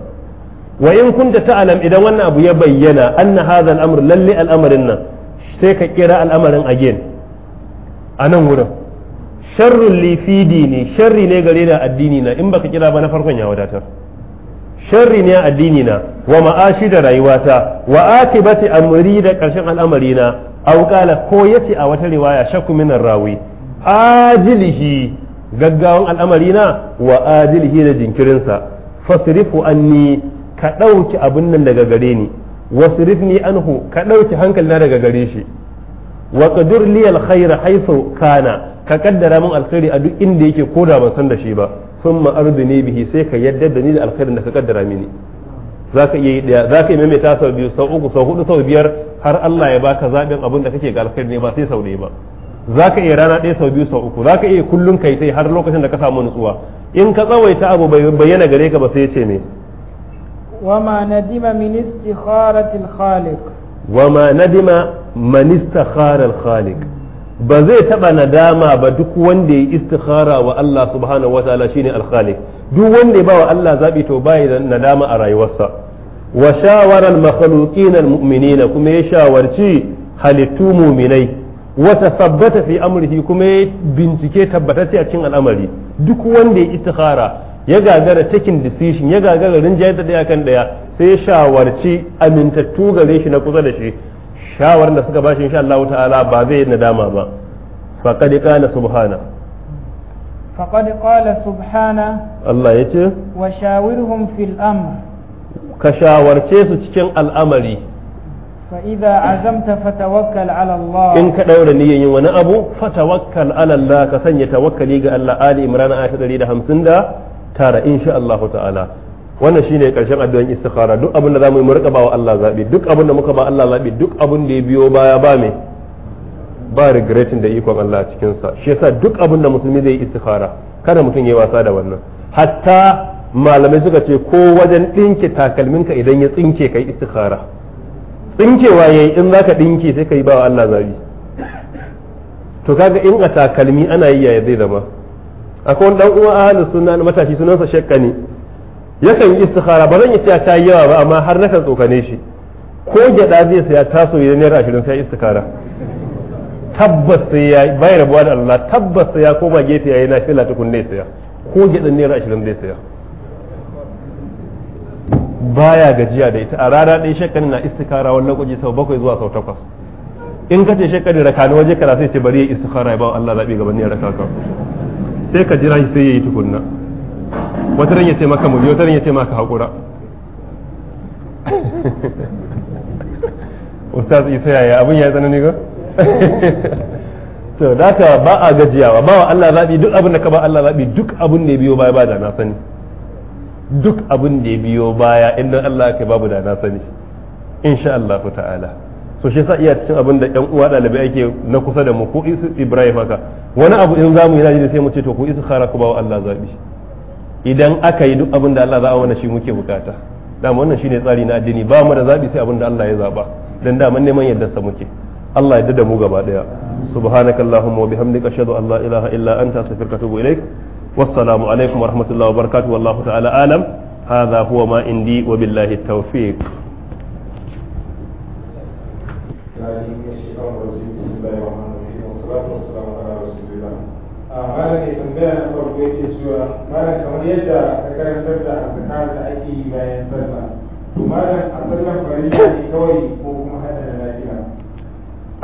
wa in kunta ta'lam idan wannan abu ya bayyana anna hadha al'amur lalle al'amarin nan sai ka kira al'amarin again a nan wurin sharrun lifidi ne sharri ne gare da addini na in baka kira ba na farkon ya wadatar sharri ne addini na wa ma'ashi da rayuwata wa akibati amri da karshen al'amari na aw qala ko yace a wata riwaya shakku minar rawi ajilihi gaggawan al'amari na wa ajilihi da jinkirin sa fasrifu anni ka dauki abin nan daga gare ni wasrifni anhu ka dauki na daga gare shi wa qadir li al khayra haythu kana ka kaddara min alkhairi a duk inda yake koda ban san da shi ba sun ma'arbi ne bihi sai ka yadda da ni da alkhairin da ka kaddara mini za ka iya yi daya za ka yi maimaita sau biyu sau uku sau hudu sau biyar har Allah ya baka zaɓin abin da kake ga alkhairi ne ba sai sau ɗaya ba za ka iya rana ɗaya sau biyu sau uku za ka iya kullum kai sai har lokacin da ka samu nutsuwa in ka tsawaita abu bai bayyana gare ka ba sai ya ce me wama nadima min istikharatil khaliq wama nadima man istakhara al khaliq ba zai taɓa nadama ba duk wanda ya istikhara wa Allah subhanahu wataala shine alkhaliq duk wanda ya bawa Allah zabi to bai da nadama a rayuwarsa wa shawara al-makhluqina al kuma ya shawarci halittu mu'minai wa tasabbata fi amrihi kuma ya bincike tabbatacce a cikin al'amari duk wanda ya istikhara ya gagara taking decision ya gagara rinjayar da daya kan daya sai ya shawarci amintattu gare shi na kusa da shi shawarar da suka ba shi insha Allah ta'ala ba zai yi nadama ba faqad qala subhana faqad qala subhana Allah yace wa shawirhum fil amr ka shawarce su cikin al'amari fa idza azamta fatawakkal ala Allah in ka daura niyyar yin wani abu fatawakkal ala Allah ka sanya tawakkali ga Allah Ali Imran ayat 150 da tara insha Allah ta'ala wannan shine karshen addu'an istikhara duk abin da zamu yi mu rika bawa Allah zabi duk abin da muka ba Allah zabi duk abin da ya biyo baya ba me ba regretin da ikon Allah a cikin sa shi yasa duk abin da musulmi zai yi istikhara kada mutum yayi wasa da wannan hatta malamai suka ce ko wajen dinke takalminka idan ya tsinke kai istikhara tsinkewa yayi in zaka dinke sai kai bawa Allah zabi to kaga in a takalmi ana yi yaya zai zama akwai wani dan uwa ahlus sunna matashi sunansa shekka ne yakan yi istikhara ba zan yi cewa ta yi yawa ba amma har nakan tsokane shi ko gyada zai saya taso idan naira ashirin sai istikhara tabbas sai ya bai rabuwa da Allah tabbas sai ya koma gefe yayi na fila tukun ne saya ko gyadan naira ashirin zai saya baya gajiya da ita a rana ɗaya shekani na istikara wannan kuji sau bakwai zuwa sau takwas in ka ce shekani raka ni waje kana sai ce bari ya istikara ya ba Allah zaɓi gaban ne raka ka sai ka jira shi sai ya yi tukunna wata ran ya ce maka mubi wata ran ya ce maka haƙura ustaz isa yaya abin ya tsanani ga to da ta ba a gajiyawa ba wa Allah zaɓi duk abin da ka ba Allah zaɓi duk abin da ya biyo baya ba da na sani duk abin da ya biyo baya inda Allah ka babu da na sani insha Allah ta'ala so shi yasa iya cikin abin da ɗan uwa ɗalibai ake na kusa da mu ko isu Ibrahim haka wani abu in zamu yi da sai mu ce to ko isu kara ku ba wa Allah zaɓi idan aka yi duk abin da Allah za a wani shi muke bukata dama wannan shine tsari na addini ba mu da zabi sai abin da Allah ya zaba dan da mun neman yadda sa muke Allah ya dada mu gaba daya subhanakallahumma wa bihamdika ashhadu an la ilaha illa anta astaghfiruka wa atubu ilaik wassalamu alaikum wa rahmatullahi wa barakatuh wallahu ta'ala alam hadha huwa ma indi wa billahi tawfiq بسم الله الرحمن الرحيم والصلاة والسلام malam ya tambaya na farko ce cewa malam kamar yadda ka karantar da azkar da ake yi bayan sallah to malam a sallar farilla ne kawai ko kuma hada da lafiya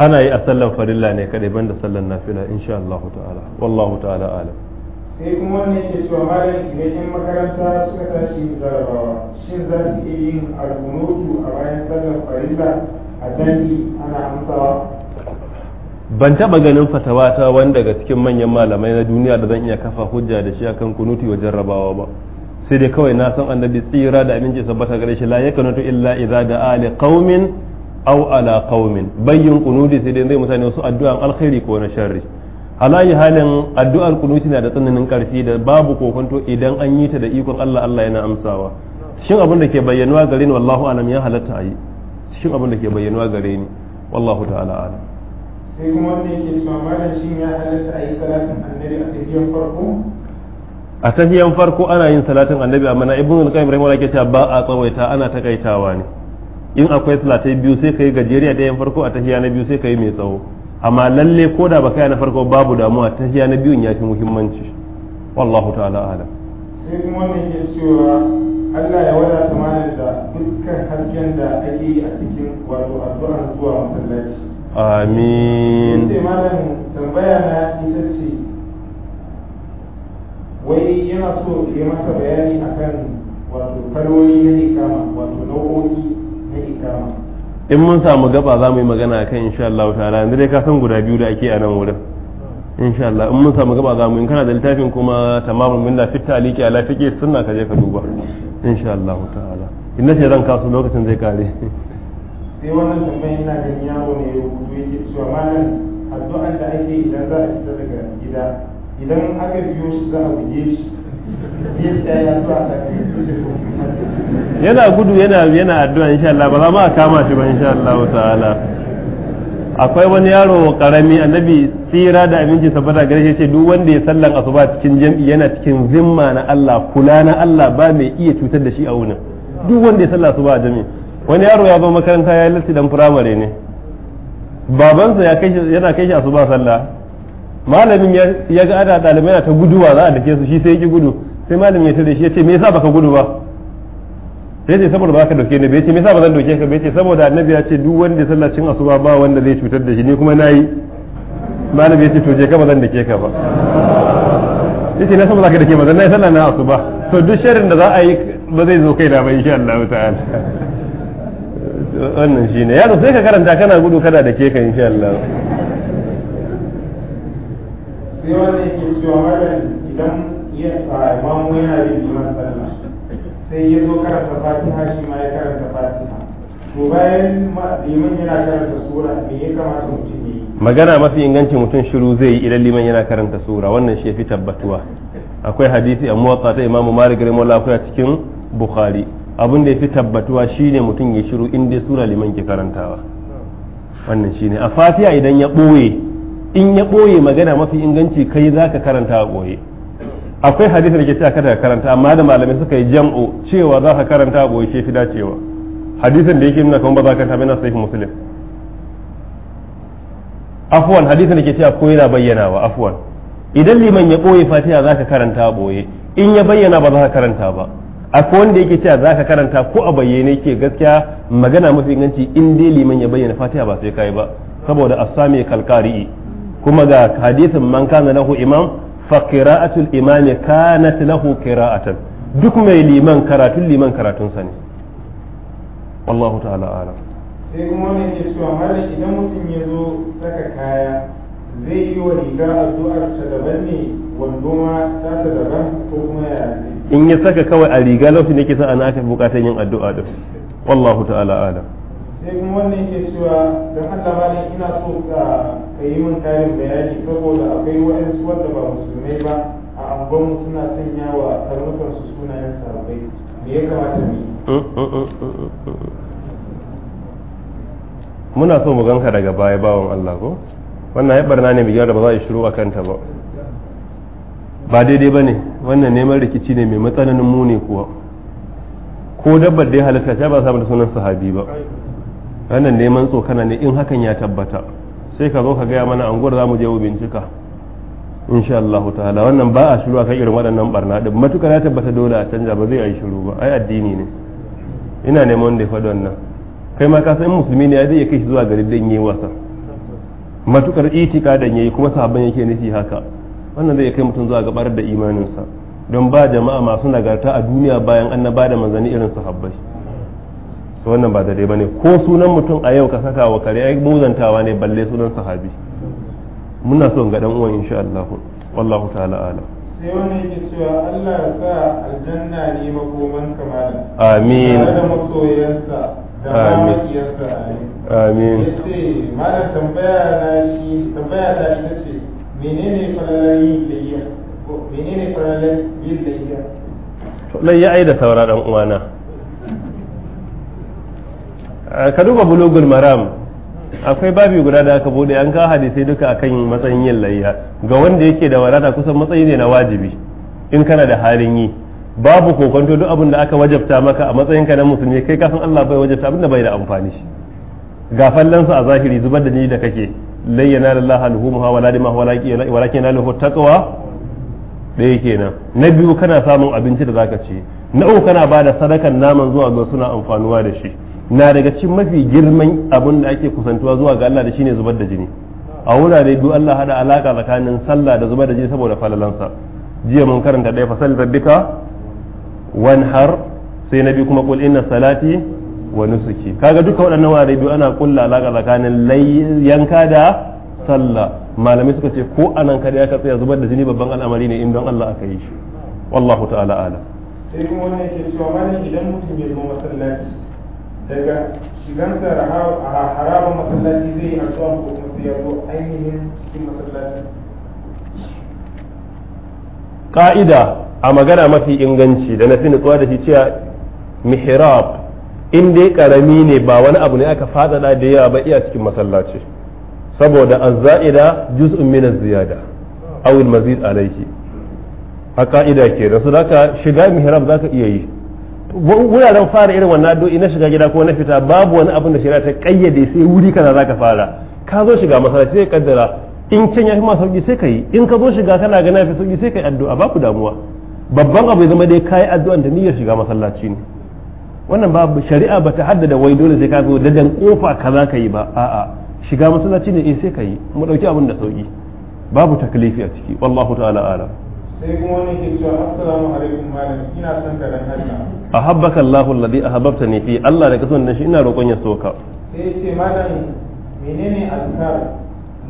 ana yi a sallar farilla ne kadai banda sallar nafila insha Allah ta'ala wallahu ta'ala alam sai kuma wannan yake cewa malam idan yan makaranta suka tashi jarabawa shin za su iya yin albunutu a bayan sallar farilla a jami'i ana amsawa ban taba ganin fatawa ta wani daga cikin manyan malamai na duniya da zan iya kafa hujja da shi akan kunuti wa jarrabawa ba sai dai kawai na san annabi tsira da aminci sabbata gare shi la yakunutu illa idza da'a li qaumin aw ala qaumin bayyin kunuti sai dai zai mutane wasu addu'a alkhairi ko na sharri halayi halin addu'ar kunuti na da tsananin karfi da babu kokonto idan an yi ta da ikon Allah Allah yana amsawa cikin abin da ke bayyanuwa gare ni wallahu alam ya halatta a yi cikin abin da ke bayyanuwa gare ni wallahu ta'ala alam sai kuma wanda yake cewa malam shin ya halatta a yi salatin annabi a tahiyan farko a tahiyan farko ana yin salatin annabi amma na ibnu al-qayyim rahimahullah yake cewa ba a tsawaita ana takaitawa ne in akwai salatai biyu sai kai gajeriya da yan farko a tahiya na biyu sai kai mai tsawo amma lalle ko da baka na farko babu damuwa tahiya na biyun yafi muhimmanci wallahu ta'ala alam sai kuma wanda yake cewa Allah ya wadata malam da dukkan hasken da ake yi a cikin wato addu'an zuwa masallaci amin ce tambaya na ita ce wai yana so ya masa bayani akan wato kaloli na ikama wato nau'o'i na ikama in mun samu gaba za mu yi magana a kan insha Allah ta'ala yanzu dai ka san guda biyu da ake a nan wurin insha Allah in mun samu gaba za mu yi kana da littafin kuma tamamun minna lafi taliki ala fiqh sunna ka je ka duba insha Allah ta'ala inna sai ran kasu lokacin zai kare sai wannan tambayin na ganin yaro ne ya rubutu yake cewa malam addu'an da ake idan za a fita daga gida idan aka biyo shi za a buge shi yana gudu yana yana addu'a insha Allah ba za mu kama shi ba insha Allah ta'ala akwai wani yaro karami annabi tsira da aminci saboda gare shi ce duk wanda ya sallan asuba cikin jam'i yana cikin zimma na Allah kula na Allah ba mai iya cutar da shi a wurin duk wanda ya sallan asuba a jami'i wani yaro ya zo makaranta ya yi lissi dan firamare ne babansa ya kai yana kai shi asuba sallah malamin ya ga ada dalibai na ta guduwa za a dake su shi sai ya ki gudu sai malamin ya tare shi ya ce me yasa baka gudu ba sai ce saboda ba ka dauke ni bai ce me yasa ba zan dauke ka bai ce saboda annabi ya ce duk wanda sallah cin asuba ba wanda zai cutar da shi ni kuma nayi malamin ya ce to je ka ba zan dake ka ba yace na saboda ka dake ba zan nayi sallah na asuba to duk sharrin da za a yi ba zai zo kai da ba insha Allah ta'ala wannan ne yaro sai ka karanta kana gudu kada da ke ka insha Allah sai wani yake cewa malam idan ya imamu yana yin liman sallah sai ya zo karanta fatiha shi ma ya karanta fatiha to bayan liman yana karanta sura me ya kamata mutum yi magana mafi inganci mutum shiru zai yi idan liman yana karanta sura wannan shi ya fi tabbatuwa akwai hadisi a muwatta ta imamu malik rahimahullah akwai a cikin bukhari abin da ya fi tabbatuwa shine mutum ya shiru inda dai sura liman ke karantawa wannan shine a fatiha idan ya ɓoye in ya ɓoye magana mafi inganci kai za ka karanta a ɓoye akwai hadisi da ke cewa kada ka karanta amma da malamai suka yi jam'u cewa za ka karanta a ɓoye shi fi dacewa hadisin da yake nuna kuma ba za ka tabi na sahih muslim afwan hadisin da ke cewa ko yana bayyanawa afwan idan liman ya ɓoye fatiha za ka karanta a ɓoye in ya bayyana ba za ka karanta ba akwai wanda yake cewa zaka karanta ko a bayyane ke gaskiya magana mafi inganci in dai liman ya bayyana fatiha ba sai kai ba saboda asami kalkari kuma ga hadisin man kana lahu imam fa qira'atul imam kanat lahu qira'atan duk mai liman karatun liman karatun sa ne wallahu ta'ala alam sai kuma ne ke cewa idan mutum ya zo saka kaya zai yi wa riga addu'ar ta daban ne wando ma ta ta daban ko kuma ya in ya saka kawai a riga lafi ne ke sa ana aka bukatan yin addu'a da wallahu ta'ala alam sai kuma wannan ke cewa don Allah ne ina so ka ka yi min karin bayani saboda akwai wa'ansu wanda ba musulmai ba a angonmu suna sanya wa karnukan su sunayen sahabbai me ya kamata mu mm, mm, mm, muna so mu ganka daga baya bawan Allah ko wannan ya barna ne mai gyara ba za a shiru a kanta ba ba daidai ba ne wannan neman rikici ne mai matsananin muni kuwa ko dabbar da ya halatta ta ba samun sunan sahabi ba wannan neman tsokana ne in hakan ya tabbata sai ka zo ka gaya mana anguwar za mu je bincika insha Allah ta'ala wannan ba a shiru a kan irin waɗannan barna din matukar ya tabbata dole a canja ba zai a yi shiru ba ai addini ne ina neman wanda ya faɗi wannan kai ma ka san musulmi ne ya zai iya kai shi zuwa garin dan yi wasa matukar itikadan yayi kuma sahabban yake nufi haka wannan zai kai mutum zuwa gabar da imaninsa don ba jama'a masu nagarta a duniya bayan annaba da manzanni irin sahabbai to wannan ba daidai bane ko sunan mutum a yau ka saka wa kare ai muzantawa ne balle sunan sahabi muna so ga dan uwan insha Allah wallahu ta'ala ala sai wani yake cewa Allah ya sa aljanna ne makoman kamala amin da masoyansa amin amin yace tambaya na shi tambaya ta ita ce menene falalar yin layya menene falalar yin layya to layya ai da saura dan uwana ka duba bulugul maram akwai babi guda da aka bude an ga hadisai duka akan matsayin yin layya ga wanda yake da warata kusan matsayi ne na wajibi in kana da halin yi babu kokonto duk abin da aka wajabta maka a matsayin ka na musulmi kai ka san Allah bai wajabta abin da bai da amfani shi ga su a zahiri zubar da jini da kake layyana lillahi alhumuha wala dima kana lahu taqwa dai kenan na biyu kana samun abinci da zaka ci na uku kana bada sadakan naman zuwa ga suna amfanuwa da shi na daga cikin mafi girman abin da ake kusantuwa zuwa ga Allah da shine zubar da jini a wurare duk Allah hada alaka tsakanin sallah da zubar da jini saboda falalansa jiya mun karanta ɗaya fasal rabbika wanhar sai na biyu kuma kul inna salati wa nusuki kaga duka waɗannan wurare biyu ana kulla alaka tsakanin yanka da sallah malamai suka ce ko anan kada ya ka tsaya zubar da jini babban al'amari ne in don Allah aka yi shi wallahu ta'ala ala sai kuma wannan yake cewa malam idan mutum ya zo masallaci daga shigansa a harabar masallaci zai yi addu'a ko kuma sai ya zo ainihin cikin masallaci ka'ida a magana mafi inganci da na fi nutsuwa da shi cewa mihrab in dai karami ne ba wani abu ne aka fadada da yawa ba iya cikin masallaci saboda azza'ida juz'un min ziyada aw al mazid alayhi a ka'ida da su zaka shiga mihrab zaka iya yi wuraren fara irin wannan do'i na shiga gida ko na fita babu wani abin da shari'a ta kayyade sai wuri za zaka fara ka zo shiga masallaci sai kaddara in can ya fi masauki sai ka yi in ka zo shiga kana ganin ya fi sauki sai ka yi addu'a babu damuwa babban abu ya zama dai kayi addu'an da niyyar shiga masallaci ne wannan ba shari'a ba ta haddada wai dole sai ka zo dadan kofa kaza ka yi ba a'a shiga masallaci ne in sai ka yi mu dauki abin da sauki babu taklifi a ciki wallahu ta'ala alam sai kuma wani ke cewa assalamu alaikum malam ina son ka dan Allah ahabbaka Allahu alladhi ahabbtani fi Allah da kasan shi ina roƙon ya soka sai ce malam menene azkar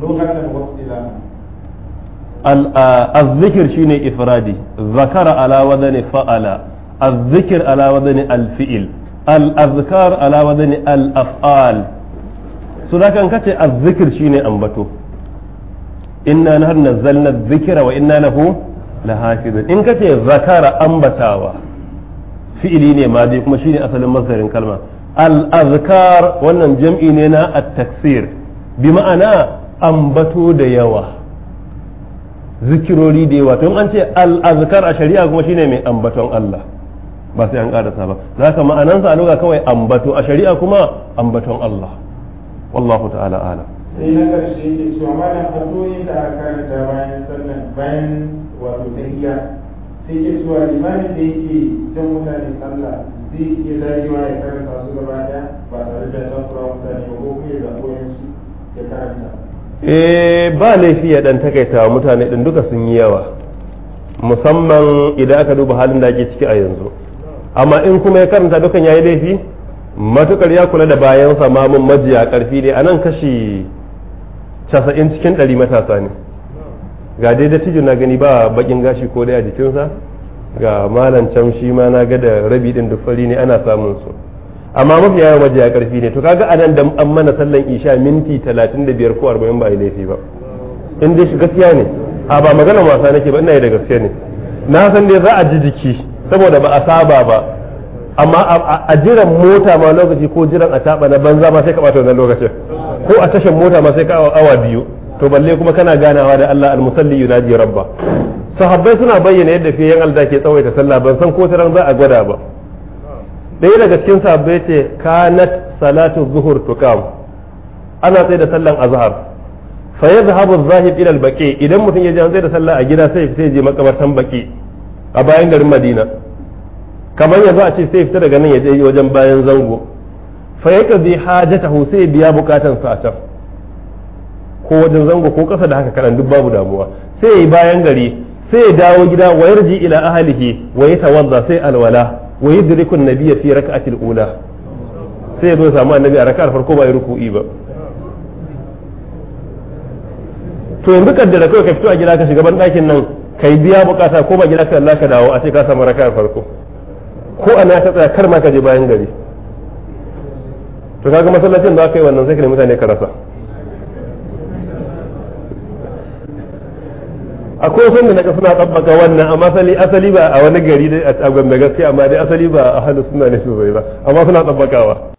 lokacin wasila الذكر شيني إفرادي ذكر على وزن فعل الذكر على وزن الفئل الأذكار على وزن الأفعال سلاكا كتي الذكر شيني أنبتو إنا نحن نزلنا الذكر وإنا له لحافظ إن كتي ذكر أنبتاوا fi'ili ne ma dai kuma shine asalin masarin kalma al-azkar wannan jam'i ne na at-taksir bi ma'ana ambato da yawa zikirori da yawa tun an ce al'azkar a shari'a kuma shine mai ambaton Allah ba sai an karasa ba za ka ma'anansa a loga kawai ambato a shari'a kuma ambaton Allah wallahu ta'ala ala sai na karshe yake cewa malam addu'o'i da aka karanta bayan sallan bayan wato tahiyya sai ke cewa limamin da yake jan mutane sallah zai iya dagewa ya karanta su gaba daya ba tare da takura mutane ba ko kuma ya zaɓo yansu ya karanta eh ba laifi ya dan takaita mutane din duka sun yi yawa musamman idan aka duba halin da ake ciki a yanzu amma in kuma ya karanta dukan yayi laifi matukar ya kula da bayan mun majiya karfi ne anan kashi casa'in cikin ɗari matasa ne ga dai dattijo na gani ba bakin gashi ko dai a jikinsa ga malam can shi ma na ga da rabi din duk fari ne ana samun su amma mafi yawan majiya karfi ne to kaga anan da an mana sallan isha minti 35 ko 40 ba yi laifi ba in dai gaskiya ne a ba magana wasa nake ba ina yi da gaske ne na san dai za a ji jiki saboda ba a saba ba amma a jiran mota ma lokaci ko jiran a taba na banza ma sai ka bata wannan lokacin ko a tashin mota ma sai ka awa biyu to balle kuma kana ganawa da Allah al-musalli yunaji rabba sahabbai suna bayyana yadda fiye yan alda ke tsawaita sallah ban san ko taran za a gwada ba ɗaya daga cikin sahabbai ce kanat salatu zuhur tukam ana tsaye da sallan azhar fa yadhhabu zahib ila al-baqi idan mutum ya ji an tsaye da sallah a gida sai ya je makabartan baqi a bayan garin Madina kamar yanzu a ce sai fita daga nan ya je wajen bayan zango fa bi hajatahu sai biya bukatan sa a can ko wajen zango ko kasa da haka karan duk babu damuwa sai ya yi bayan gari sai ya dawo gida wayarji ila ahlihi wa yatawadda sai alwala wa yudriku an-nabiyya fi rak'atil ula sai yazo samu annabi a rak'ar farko ba ya ruku'i ba to yanzu kaddara kai ka fito a gida ka shiga ban dakin nan kai biya bukata ko ba gida ka Allah ka dawo a ce ka samu rak'ar farko ko ana ta tsaya kar ma ka je bayan gari to kaga masallacin da aka yi wannan sai ka ne mutane ka rasa akwai wasu da naga suna tsabbaka wannan amma asali asali ba a wani gari a gambe gaskiya amma dai asali ba a hannu suna ne sosai ba amma suna tsabbakawa